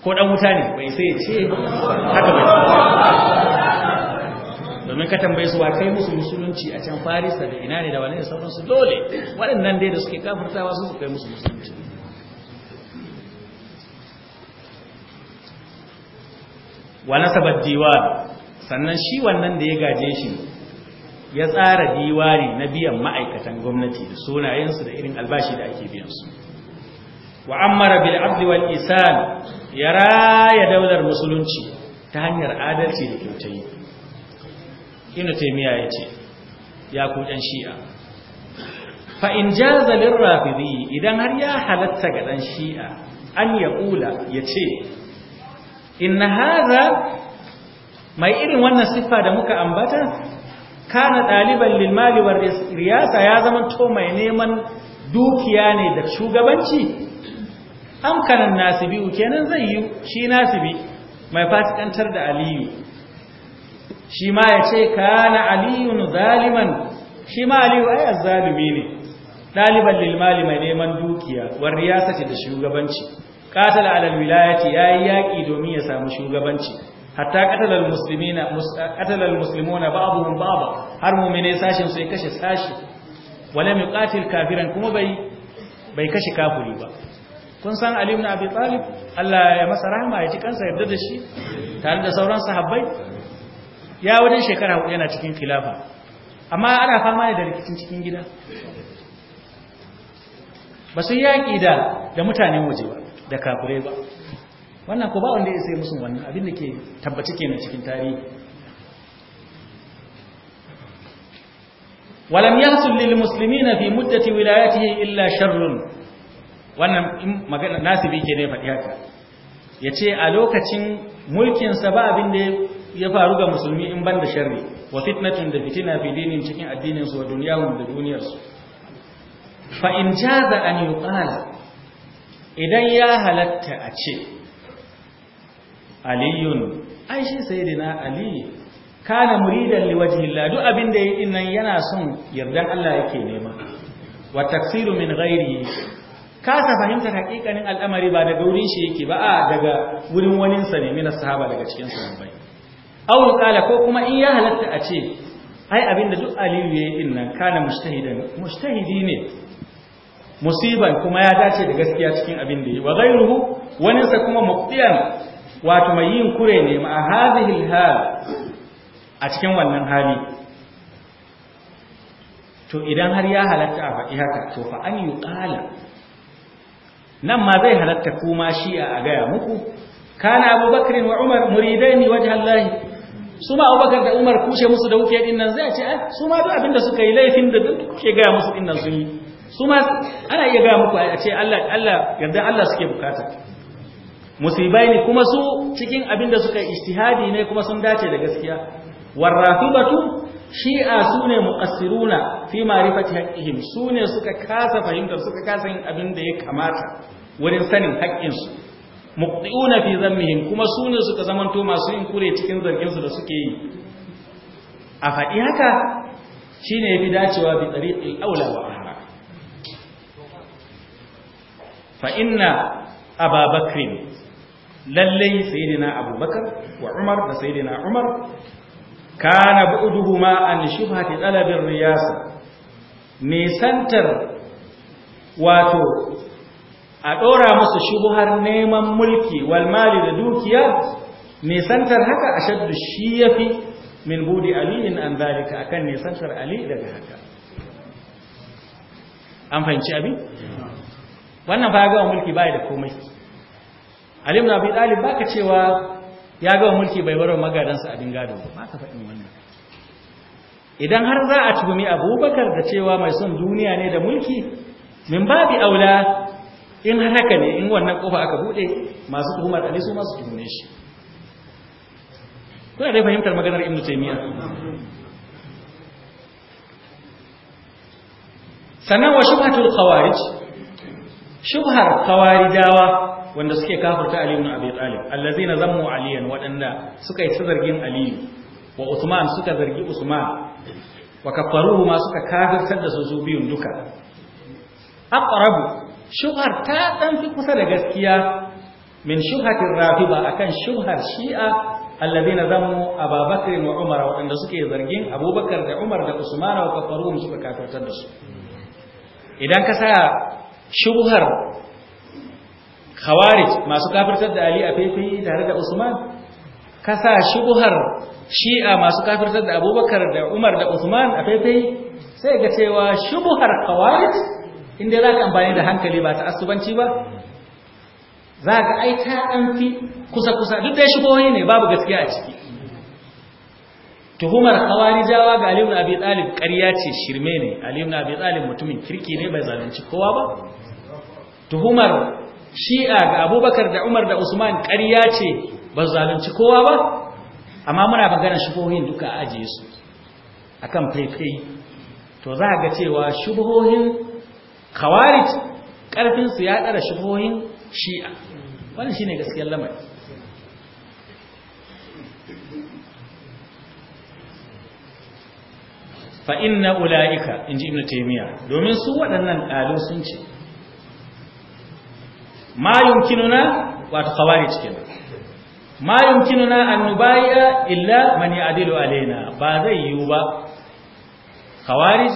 ko dan wuta ne bai sai ce haka ba domin ka tambaye su wa kai musu musulunci a can farisa da ina ne da wani da su dole waɗannan dai da suke kafirtawa su kai musu musulunci wa nasaba diwan sannan shi wannan da ya gaje shi ya tsara diwani na biyan ma'aikatan gwamnati da sunayensu da irin albashi da ake biyansu wa ammara bil abdi wal isan ya raya daular musulunci ta hanyar adalci da kyautai. ibn taymiya yace ya ku shi'a fa in jaza lir rafidi idan har ya halatta ga ɗan shi'a an ya kula ce inna haza? mai irin wannan siffa da muka ambata kana ɗaliban lilmali wa riyasa ya zama to mai neman dukiya ne da shugabanci amkanan nasibi kenan zai yi shi nasibi mai fasikantar da aliyu shi ma ya ce kana aliyun zaliman shi ma aliyu ai azzalumi ne ɗaliban lilmali mai neman dukiya wa riyasa ce da shugabanci katala alal wilayati yayi yaki domin ya samu shugabanci hatta qatalal muslimina babu muslimuna ba'dhum har mu'mine sashin sai kashe sashi wala yuqatil kafiran kuma bai bai kashe kafuri ba kun san Ali ibn Abi Talib Allah ya masa rahama ya ji kansa yarda da shi tare da sauran sahabbai ya wajen shekara hudu yana cikin khilafa amma ana fama ne da rikicin cikin gida ba su yaƙi da da mutanen waje ba da kafure ba wannan ko ba wanda ya sai musu wannan abin da ke tabbaci mai cikin tarihi walam yahsul musulmi na fi muddati wilayatihi illa sharrun wannan magana bi ke ne faɗi haka Ya ce a lokacin mulkin ba abin da ya faru ga musulmi in ban da sharri wa fitnatun da fitina fi dinin cikin addininsu wa duniyawun da duniyarsu. fa in jaza an yuqala idan ya halatta a ce aliyun ai shi sayyidina ali kana muridan liwajhillah duk abin da yake nan yana son yardan Allah yake nema wa taksiru min rairi. kasa fahimtar hakikanin al'amari ba daga wurin shi yake ba a daga wurin wani sa ne mina sahaba daga cikin sahabbai aw qala ko kuma in ya halatta a ce ai abin da duk aliyu yayi din nan kana mustahidan mustahidi ne musiban kuma ya dace da gaskiya cikin abin da yi wa ghairuhu wani sa kuma muqtiyan wato mai yin kure ne ma hadhihi hal a cikin wannan hali to idan har ya halatta a faɗi haka to fa an ƙala. nan ma zai halatta kuma shi a gaya muku kana abubakar wa umar muridaini wajhallahi su ma abubakar da umar kushe musu da wuke din nan zai ce ah, su ma duk abinda suka yi laifin da duk kuke gaya musu din sun yi su ma ana iya gaya muku a ce Allah Allah Allah suke bukata musibai ne kuma su cikin abin da suka ijtihadi ne kuma sun dace da gaskiya warrafibatu shi'a sune muqassiruna fi ma'rifati haqqihim sune suka kasa fahimtar suka kasa yin abin da ya kamata wurin sanin haƙƙin su muqtiuna fi zammihim kuma sune suka zamanto masu yin kure cikin zargin su da suke yi a faɗi haka shine yafi dacewa bi tariqil aula wa ahra fa inna ababakrin lallai sayyidina abubakar wa umar da sayyidina umar kana bu'duhuma an shubhati talabir riyasa nisantar wato a ɗora musu shubuhar neman mulki walmali da dukiya nisantar haka a shaddu shi ya fi min budi aliyin an zalika akan nisantar ali daga haka an fahimci abin wannan ba mulki ba da komai Ali ibn Abi Talib baka cewa ya ga mulki bai bar magadansa abin gado ba baka faɗin wannan idan har za a tuhumi Abubakar da cewa mai son duniya ne da mulki min babi aula in har haka ne in wannan kofa aka bude masu tuhumar Ali su masu tuhume shi kuna dai fahimtar maganar ibnu taymiya sannan wa shubhatul khawarij shubhar khawarijawa wanda suke kafirta Ali ibn Abi Talib allazina zammu aliyan wadanda suka yi zargin Ali wa Uthman suka zargi Uthman wa kaffaruhu ma suka kafirtar da su su biyun duka aqrabu shubhar ta dan fi kusa da gaskiya min shubhatir rafiba akan shubhar shi'a allazina zammu Abubakar wa Umar wadanda suke zargin Abubakar da Umar da Uthman wa kaffaruhum suka kafirtar da su idan ka sa shubhar khawarij masu kafirtar da ali a tare da usman kasa shubuhar shi'a masu kafirtar da abubakar da umar da usman a sai ga cewa shubuhar khawarij inda za ka amfani da hankali ba ta asubanci ba za ka aita an fi kusa-kusa duk da shubuhoyi ne babu gaskiya a ciki tuhumar jawa ga alimun na abi talib ƙarya ce shirme ne alimun abi mutumin kirki ne bai zalunci kowa ba tuhumar shi'a ga abubakar da umar da usman ƙarya ce ba zalunci kowa ba amma muna maganar shubohin duka a ajiye su akan faifai to za ga cewa shubohin khawarij karfin su ya dara shubohin shi'a wannan shine gaskiyar lamar. fa inna ulaika inji Ibn taymiya domin su waɗannan ƙalu sun ce ma yumkinuna wato khawarij kenan ma yumkinuna an nubai'a illa man ya'dilu alaina ba zai yiwu ba khawarij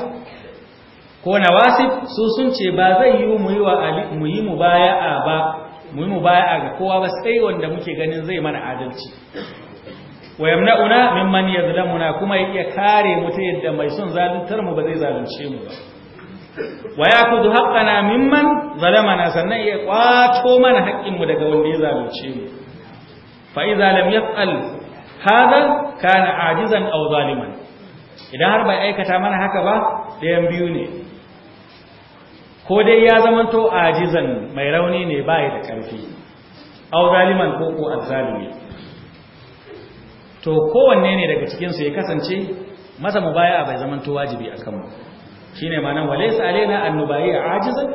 ko wasif, su sun ce ba zai yiwu mu yi wa ali mu yi a ba mu yi mubaya'a ga kowa ba sai wanda muke ganin zai mana adalci wa yamna'una mimman yadlamuna kuma ya iya kare mu ta yadda mai son zaluntar mu ba zai zalunce mu ba wa na haqqana mimman zalamana sannan ya ƙwato mana haƙƙinmu daga wanda ya zalunce mu fa ya lam yaqal hada kana ajizan aw zaliman idan har bai aikata mana haka ba ɗayan biyu ne ko dai ya zamanto ajizan mai rauni ne bai da ƙarfi, aw zaliman ko ko azzalimi to kowanne ne daga cikin su ya kasance masa mubaya bai zamanto wajibi a mu shine ma'anar walaysa alaina an nubayi ajizan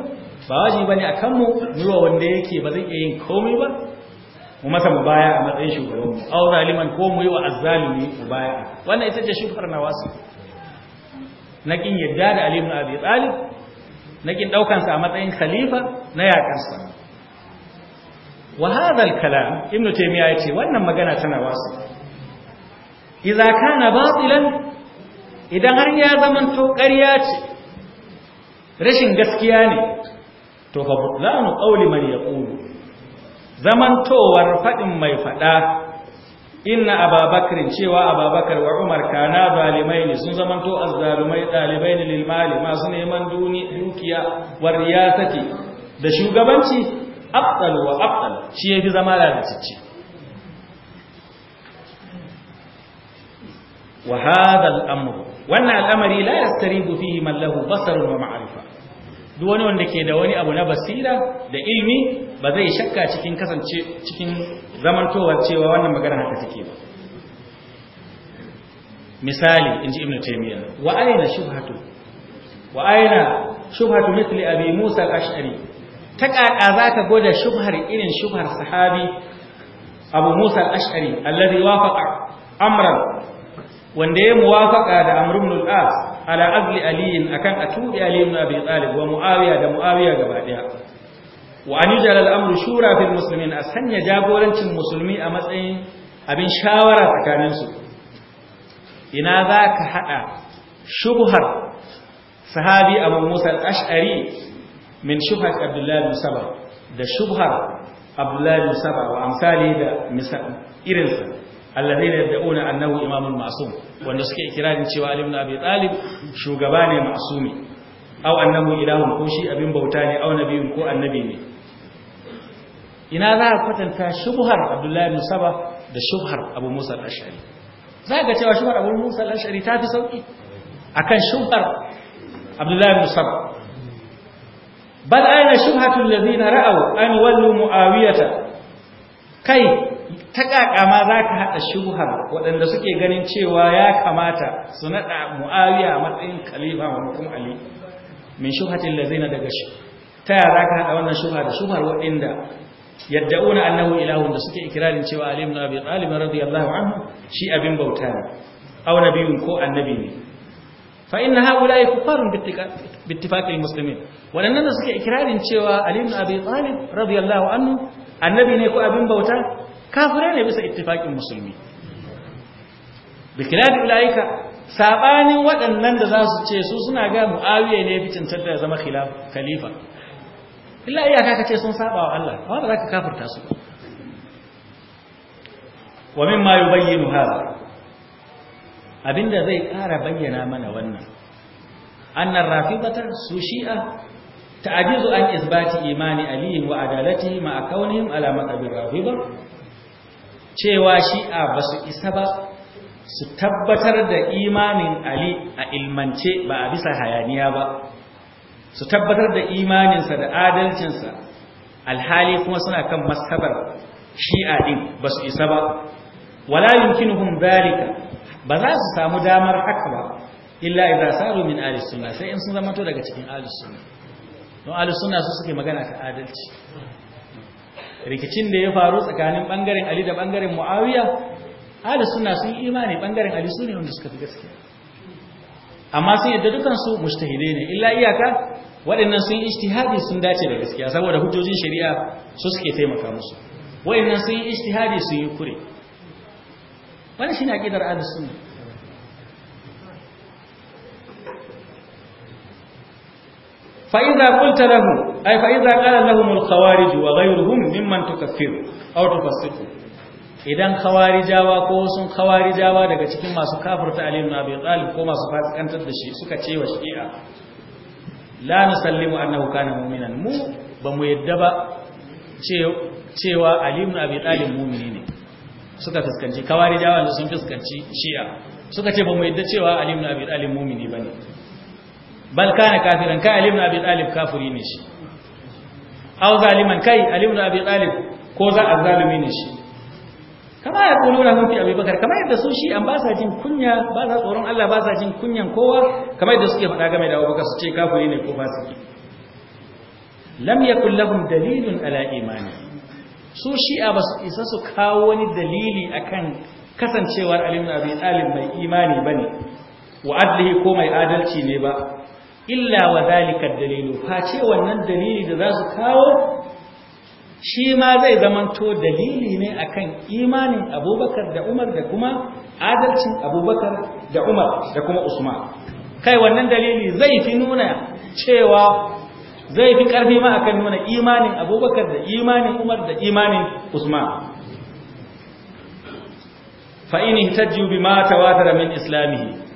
ba wajibi bane akan mu zuwa wanda yake ba zai iya yin komai ba mu masa mu baya a matsayin shugaban mu aw zaliman ko mu yi wa azzalimi mu baya wannan ita ce shukar nawasu na kin yadda da Ali ibn Abi Talib na kin daukan sa a matsayin khalifa na yakar sa wa hadha al-kalam ibn yace wannan magana tana wasu idza kana batilan idan har ya zama to ƙarya ce rashin gaskiya ne to fa butlanu qawli man yaqulu zaman towar fadin mai fada inna ababakar cewa ababakar wa umar kana zalimaini sun zaman to azzalumai dalibaini lil mali masu neman dukiya war riyasati da shugabanci afdal wa afdal shi yafi zama lalatacce wa hadha al-amru wannan al'amari la yastaribu fihi man lahu basarun wa ma'rifa duk wani wanda ke da wani abu na basira da ilmi ba zai shakka cikin kasance cikin zamantowar cewa wannan magana haka take ba misali inji ibnu taymiya wa aina shubhatu wa aina shubhatu mithli abi musa al-ash'ari ta kaka zaka goda shubhar irin shubhar sahabi abu musa al-ash'ari alladhi wafaqa amran wanda ya muwafaka da Amr ibn as ala azli Ali akan atudi Ali ibn Abi Talib wa Muawiya da Muawiya gaba ɗaya. wa an yajal al-amru shura fil muslimin a sanya jagorancin musulmi a matsayin abin shawara tsakanin su ina za ka hada shubhar sahabi Abu Musa al-Ash'ari min shubhat Abdullah Saba da shubhar Abdullah ibn Saba wa amsali da irinsa alladheena yad'una annahu imamun ma'sum wanda suke ikirarin cewa Ali na Abi Talib shugaba ne masu ma'sumi Au annahu ilahun ko shi abin bauta ne aw nabiyun ko annabi ne ina za ka kwatanta shubuhar Abdullahi ibn da shubhar Abu Musa al-Ash'ari za ga cewa shubhar Abu Musa al ta fi sauki akan shubhar Abdullahi ibn Saba bal aina shubhatul ladina ra'aw an wallu muawiyata kai ta ƙaƙama za ka haɗa shuhar waɗanda suke ganin cewa ya kamata su naɗa mu'awiya a matsayin kalifa mamakon ali min shuhatin na daga shi ta yaya za ka haɗa wannan shuhar da shuhar waɗanda yadda una annahu ilahun da suke ikirarin cewa na abin ibn abi talib radiyallahu anhu shi abin bauta ne aw nabiyun ko annabi ne fa inna haula'i kuffarun bi ittifaqi muslimin waɗannan da suke ikirarin cewa ali ibn abi talib radiyallahu anhu annabi ne ko abin bauta kafirai ne bisa ittifaqin musulmi bikilafi ulaika sabanin waɗannan da za su ce su suna ga muawiya ne fi cancantar da zama khalifa illa iyaka ce sun saba wa Allah ba za ka kafirta su wa mimma yubayyinu hadha abinda zai ƙara bayyana mana wannan annar rafidata su shi'a ta'ajizu an isbati imani aliyin wa adalatihi ma kaunihim ala maqabir rahiba cewa shi'a basu isa ba su tabbatar da imanin ali a ilmance ba a bisa hayaniya ba su tabbatar da imaninsa da adalcinsa alhali kuma suna kan masabar shi'a din basu isa ba wala yumkinuhum dhalika ba za su samu damar haka ba illa idza saru min ahli sunna sai in sun zama daga cikin ahli sunna don ahli suna su suke magana ta adalci rikicin da ya faru tsakanin bangaren ali da bangaren muawiya ahli suna sun yi imani bangaren ali sune wanda suka fi gaske. amma sun yadda dukansu mujtahidai ne illa iyaka waɗannan sun ijtihadi sun dace da gaskiya saboda hujjojin shari'a su suke taimaka musu waɗannan sun yi ijtihadi sun yi kure wannan shine aqidar ahlus sunna فإذا قلت لهم أي فإذا قال لهم الخوارج وغيرهم ممن تكفر أو تفسقه idan khawarijawa ko sun khawarijawa daga cikin masu kafirta Ali ibn Abi Talib ko masu fasikantar da shi suka ce wa Shi'a la nusallimu annahu kana mu'minan mu ba mu yadda ba cewa Ali ibn Abi Talib mu'mini ne suka fuskanci khawarijawa sun fuskanci Shi'a suka ce ba mu yadda cewa Ali ibn Abi Talib mu'mini bane bal kana kafiran kai Ali ibn Abi Talib kafiri ne shi aw zaliman kai Ali ibn Abi Talib ko za a zalimi ne shi kama ya kuluna hun fi abubakar kama yadda su shi an ba sa jin kunya ba sa tsoron Allah ba sa jin kunyan kowa kama yadda suke faɗa game da abubakar su ce kafiri ne ko fasiki lam yakul lahum dalilun ala imani su shi'a ba su isa su kawo wani dalili akan kasancewar Ali ibn Abi Talib mai imani bane wa adlihi ko mai adalci ne ba illa wa zalika dalilu ce wannan dalili da za su kawo shi ma zai zamanto dalili ne akan imanin abubakar da umar da kuma adalcin abubakar da umar da kuma usman kai wannan dalili zai fi nuna cewa zai fi karfi ma akan nuna imanin abubakar da imanin umar da imanin usman fa in ihtajju bima tawatara min islamihi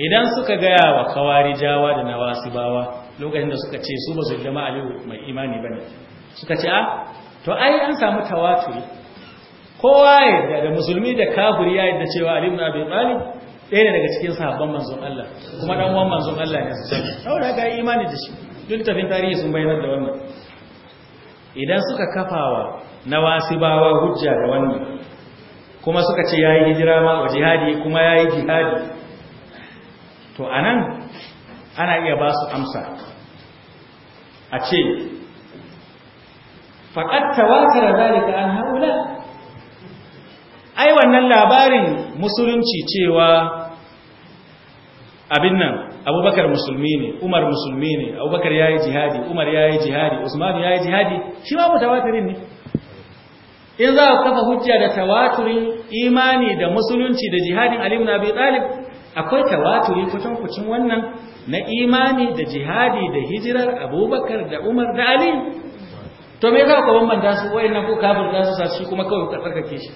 idan suka gaya wa kawari jawa da nawasibawa lokacin da suka ce su ba su jama aliyu mai imani ba ne suka ce a to ai an samu tawaturi kowa yadda da musulmi da kafiri ya yadda cewa aliyu na abin ɗali ɗaya ne daga cikin sahabban manzon Allah kuma ɗan uwan manzon Allah ne su ce saboda haka yi imani da shi duk tafin tarihi sun bayyana da wannan idan suka kafawa nawasibawa hujja da wannan kuma suka ce yayi hijira ma wa jihadi kuma yayi jihadi to anan ana iya ba su amsa a ce faƙad tawatara zalika an haula ai wannan labarin musulunci cewa abin nan abubakar musulmi ne umar musulmi ne abubakar ya yi jihadi umar ya yi jihadi usman ya yi jihadi shi ba mutawatirin ne in za a kafa hujja da tawaturin imani da musulunci da jihadin alim na bai talib akwai tawaturi kucin wannan na imani da jihadi da hijirar abubakar da umar da ali to me za ku bambanta su na ko kafir za su sashi kuma kawai ku shi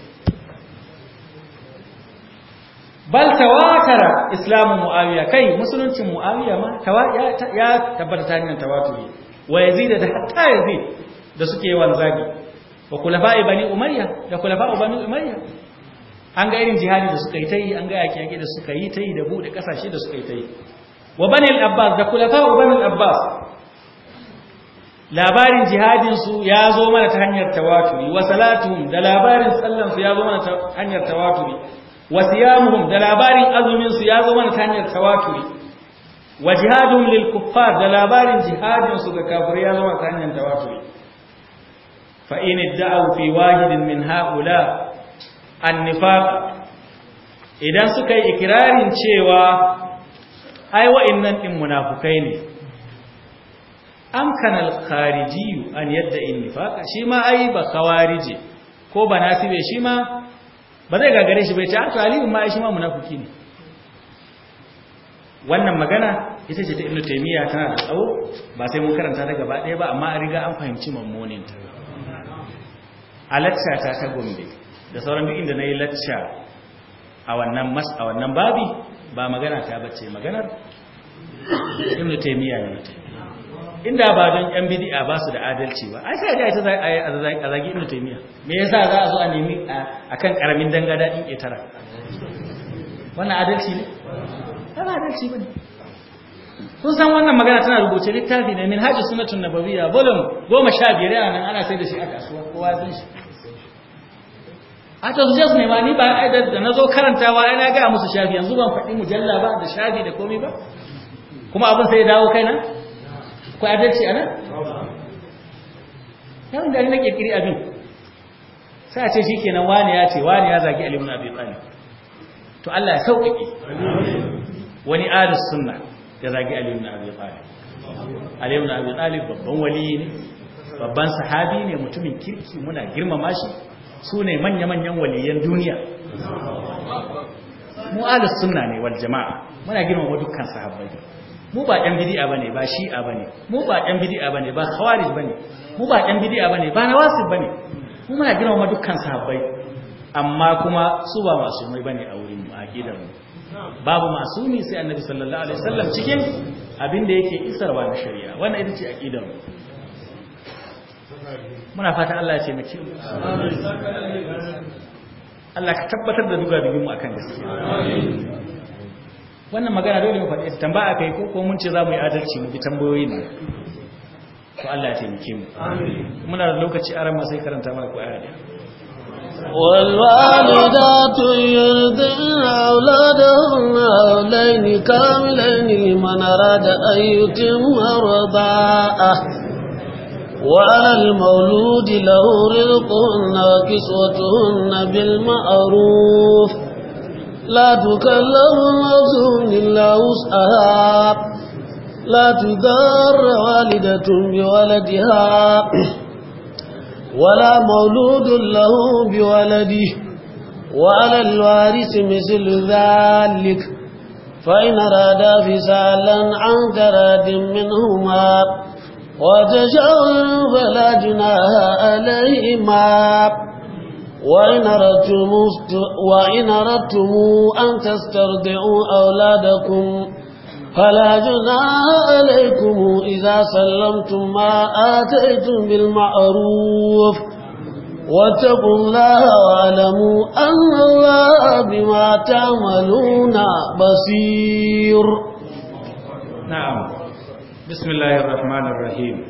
bal tawatara islamu muawiya kai musuluncin muawiya ma ya tabbata ta hanyar tawaturi wa yazid da hatta zai da suke yawan zagi wa kulafa'i bani umayya da kulafa'i bani umayya an ga irin jihadi da suka yi ta yi an ga yaƙi-yaƙi da suka yi ta yi da buɗe ƙasashe da suka yi ta yi wa banin abbas da kulafa wa banin abbas labarin jihadinsu ya zo mana ta hanyar tawaturi wa salatuhum da labarin sallansu ya zo mana ta hanyar tawaturi wa siyamuhum da labarin azuminsu ya zo mana ta hanyar tawaturi wa jihadum lil kuffar da labarin jihadinsu ga kafirai ya zo mana ta hanyar tawaturi fa in da'u fi wahidin min ha'ula annifaq idan suka yi ikirarin cewa ai wa'annan din munafukai ne amkana al-khariji an yadda annifaq shi ma ai ba khawarije ko ba nasibe shi ma ba zai gagare shi bai ci a talibin ma shi ma munafiki ne wannan magana ita ce ta ibnu taymiya tana da tsawo ba sai mun karanta ta gaba ɗaya ba amma a riga an fahimci mammonin ta a ta ta gombe da sauran duk inda na yi lacca a wannan mas a wannan babi ba magana ta bace maganar ibnu taymiya ne inda ba don yan bid'a ba su da adalci ba ai sai ga ita ai a zagi ibnu taymiya me yasa za a zo a nemi akan karamin dangada din ketara wannan adalci ne ba adalci bane kun san wannan magana tana rubuce littafi ne min haji sunnatun nabawiyya volume 15 yana nan ana sai da shi a kasuwa kowa zai shi a su je su nema ni ba ai da na zo karantawa ai na ga musu shafi yanzu ban faɗi mujalla ba da shafi da komai ba kuma abin sai ya dawo kaina ko adalci anan yawon da na kiri abin sai a ce shi kenan wani ya ce wani ya zagi alimun abin ɗani to Allah ya sauƙaƙe wani aris suna ya zagi alimun abin ɗani alimun abin ɗani babban wali ne babban sahabi ne mutumin kirki muna girmama shi su ne manya-manyan waliyan duniya mu ahlus suna ne wal jama'a muna wa dukkan sahabbai mu ba ɗan bidi'a bane ba shi'a bane mu ba ɗan bidi'a bane ba khawarij bane mu ba ɗan bidi'a bane ba nawasi bane mu muna wa dukkan sahabbai amma kuma su ba masumai bane a wurin mu aqidar mu babu masumi sai annabi sallallahu alaihi wasallam cikin abin da yake isarwa na shari'a wannan ita ce aqidar mu muna fata Allah ya ce mace Allah ka tabbatar da duga yi mu akan gaskiya wannan magana dole mu tamba tambaya kai ko ko mun ce za mu yi adalci mu bi tambayoyi ne ko Allah ya taimake mu muna da lokaci aran ma sai karanta mana ko ayati والوالدات يرضعن أولادهن حولين كاملين لمن أراد أن يتم رضاءه وعلى المولود له رزقهن وكسوتهن بالمعروف لا تكلم نفس إلا وسعها لا تدار والدة بولدها ولا مولود له بولده وعلى الوارث مثل ذلك فإن رادا فسالا عن تراد منهما وتجعل فلا جناها عليهما وإن أردتم وإن أردتم أن تسترضعوا أولادكم فلا جناح عليكم إذا سلمتم ما آتيتم بالمعروف واتقوا الله واعلموا أن الله بما تعملون بصير نعم بسم الله الرحمن الرحيم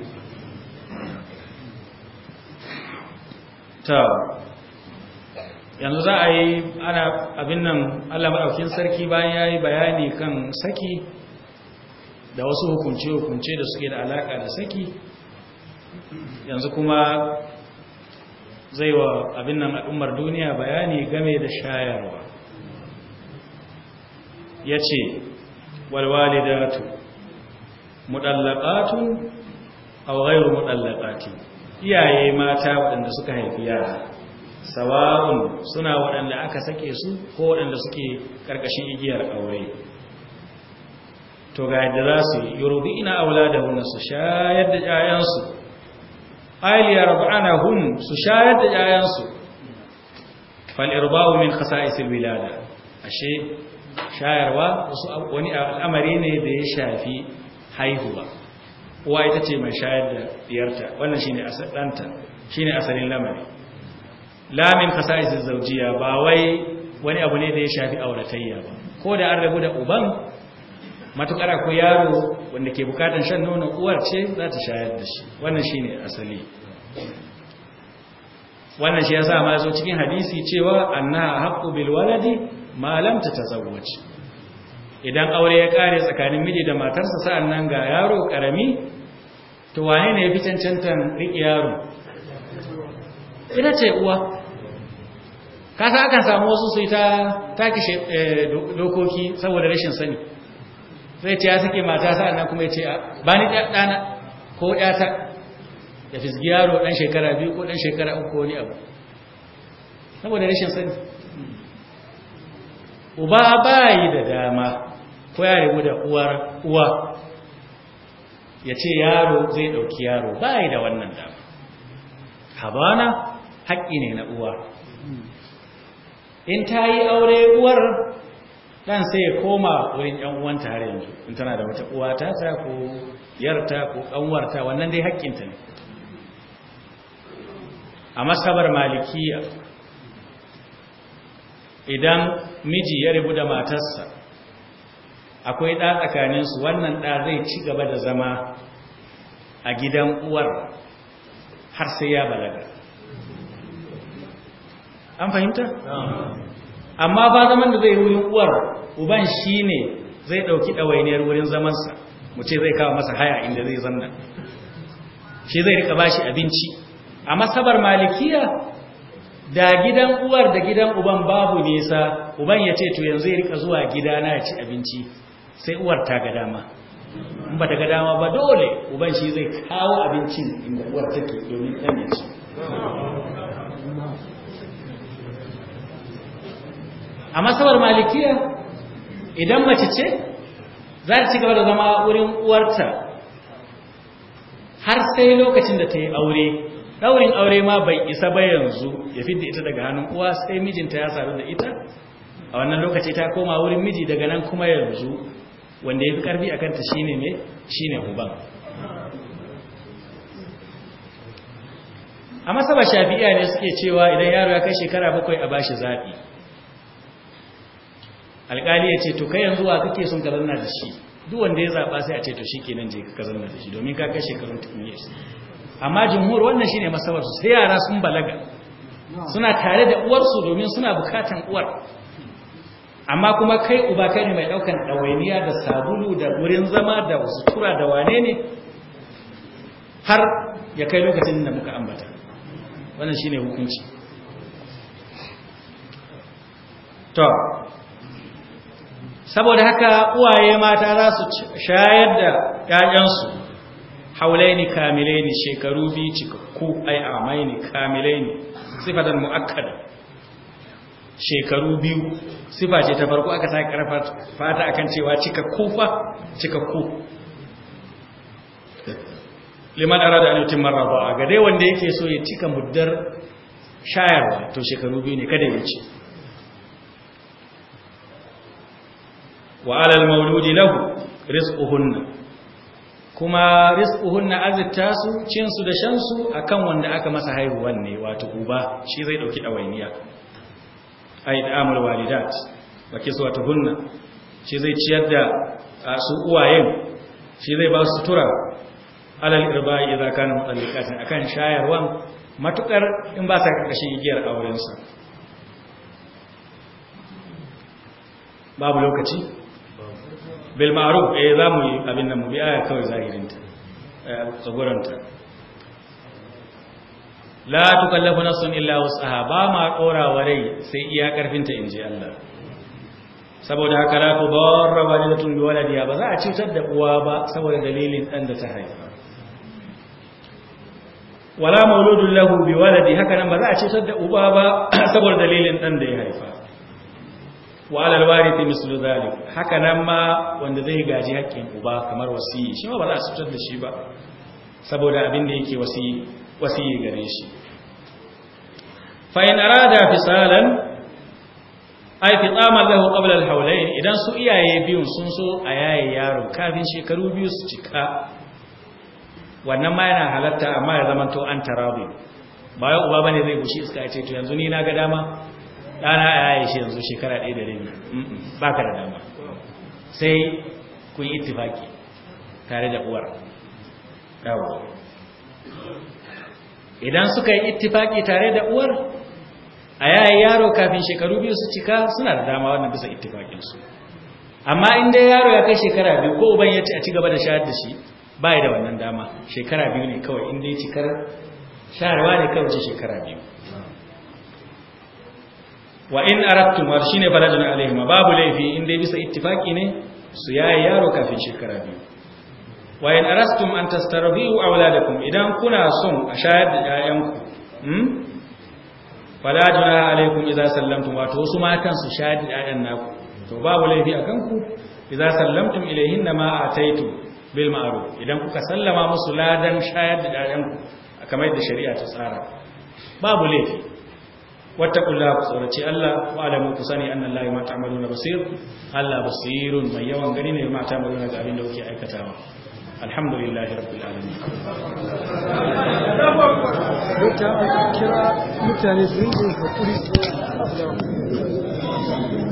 ta yanzu za a yi ana abin nan allah sarki bayan ya bayani kan saki da wasu hukunce-hukunce da suke da alaka da saki yanzu kuma zai wa abin nan al'ummar duniya bayani game da shayarwa ya ce walwalidatu mudallaqatun aw ghayru mudallaqati iyaye mata waɗanda suka haifi yara sawa'un suna waɗanda aka sake su ko waɗanda suke ƙarƙashin igiyar aure to ga yadda za su yurubi ina auladahunna su shayar da 'ya'yansu ayil yarbanahum su shayar da 'ya'yansu fal irba'u min khasa'isil wilada ashe shayarwa wasu wani al'amari ne da ya shafi haihuwa uwa ita ce mai shayar da diyarta wannan shine asalanta shine asalin lamari lamin khasa'is zawjiyya ba wai wani abu ne da ya shafi auratayya ba ko da an rabu da uban matukar ko yaro wanda ke bukatar shan nono uwar ce za ta shayar da shi wannan shine asali wannan shi yasa ma zo cikin hadisi cewa annaha haqqu bil waladi ma lam tatazawwaj idan aure ya kare tsakanin miji da matarsa sa'an nan ga yaro karami to wane ne ya fi cancantan riƙe yaro ita ce uwa kasa akan samu wasu su yi ta taki eh, dokoki saboda rashin sani zai ce ya suke mata sa'an nan kuma ya ce ba ni ɗana ko ɗata ya fisgi yaro ɗan shekara biyu ko ɗan shekara uku wani abu saboda rashin sani uba ba yi da dama ko ya rabu da uwar uwa ya ce yaro zai ɗauki yaro ba yi da wannan dama habana haƙƙi ne na uwa in ta yi aure uwar ɗan sai koma wurin ‘yan uwan har yanzu in tana da wata uwa ta ta ko yarta ko ƙanwarta wannan dai haƙƙinta ne a masabar malikiya idan miji ya rubu da matarsa akwai ɗa tsakaninsu wannan ɗa zai ci gaba da zama a gidan uwar har sai ya balaga an fahimta? amma ba zaman da zai wuyin uwar uban shine ne zai ɗauki ɗawainiyar wurin zamansa mu ce zai kawo masa haya inda zai zanna shi zai rika bashi abinci a masabar malikiya da gidan uwar da gidan uban babu nesa uban ya ce to yanzu ya rika zuwa gidana ya ci abinci sai uwar ta ga dama in ba ta ga dama ba dole uban shi zai kawo abincin inda uwar take domin ɗan ya ci a masabar malikiya idan mace ce za ta ci gaba da zama wurin uwarta har sai lokacin da ta yi aure ɗaurin aure ma bai isa ba yanzu ya fidda ita daga hannun uwa sai mijinta ya sadu da ita a wannan lokaci ta koma wurin miji daga nan kuma yanzu wanda ya fi ƙarfi a kanta shi ne mai shi ne a masaba shafi'iya ne suke cewa idan yaro ya kai shekara bakwai a bashi zaɓi alƙali ya ce to kai yanzu wa kake sun ka zanna da shi duk wanda ya zaɓa sai a ce to shi kenan je ka kazanna da shi domin ka kai shekarun tukun years amma jimhur wannan shine su sai yara sun balaga suna tare da uwarsu domin suna bukatan uwar amma kuma kai uba kai ne mai daukan ɗawainiya da sabulu da wurin zama da sutura da wane ne har ya kai lokacin da muka ambata wannan shine hukunci to saboda haka uwaye mata za su shayar da ƴaƴansu haulaini kamilaini shekaru biyu cikakku ai amaini kamilaini sifatan muakkada shekaru biyu sifa ce ta farko aka sake fata a akan cewa cika kufa cika ku liman arada an yutimma rabaa ga dai wanda yake so ya cika muddar shayarwa to shekaru biyu ne kada ya ci wa na mawludi lahu rizquhunna kuma rizquhunna azita su cinsu da shansu, su akan wanda aka masa haihuwan ne wato uba shi zai dauki ɗawainiya. ay amul walidat wa tuhunna? shi zai ciyar da su uwayen shi zai ba su tura alal irba'i idza kana a akan shayarwan matukar in ba sa karkashin igiyar aurensa. babu lokaci bil ma'ruf eh zamu yi abin nan mu bi aya kawai zahirinta tsagoranta la tukallafu nafsun illa wus'aha ba ma wa rai sai iya karfinta inji Allah saboda haka la barra walidatu bi waladiha ba za a cutar da uwa ba saboda dalilin dan da ta haifa wala mauludun lahu bi waladi haka nan ba za a cutar da uba ba (clears throat) saboda dalilin dan da ya haifa wa ala alwarithi mislu zalik haka nan ma wanda zai gaji haƙƙin uba kamar wasiyi shi ma ba za a cutar da shi ba saboda abin da yake wasiyi wasiyi gare shi fa in arada fisalan ay fitama lahu qabla al-hawlayn idan su iyaye biyun sun so a yaye yaro kafin shekaru biyu su cika wannan ma yana halatta amma ya zama to an tarabi ba ya uba bane zai gushi iska ya ce to yanzu ni na ga dama ɗana a yaye shi yanzu shekara ɗaya da rabi ba ka da dama sai ku yi ittifaki tare da uwar dawo. idan suka yi ittifaki tare da uwar a yayin yaro kafin shekaru biyu su cika suna da dama wannan bisa ittifakin su amma in dai yaro ya kai shekara biyu ko uban ya ci a ci gaba da shayar da shi ba da wannan dama shekara biyu ne kawai in dai cikar shayarwa ne kawai ce shekara biyu wa in arattum shine farajun alaihima babu laifi in dai bisa ittifaki ne su yayi yaro kafin shekara biyu wa in arastum an tastarbiu auladakum idan kuna son a shayar da 'ya'yanku? hmm fala junaha alaikum idza sallamtum wato wasu matan su shayar da 'ya'yan naku to babu laifi a kanku, idza sallamtum ilayhinna ma ataitu bil ma'ruf idan kuka sallama musu ladan shayar da 'ya'yanku kamar yadda shari'a ta tsara babu laifi wattaqullaha ku tsorace Allah wa alamu ku sani anna Allah ma ta'maluna basir Allah basirun mai yawan gani ne ma ta'maluna ga abin da kuke aikatawa alhamdulillah rabbil alamin kira mutane su yi hakuri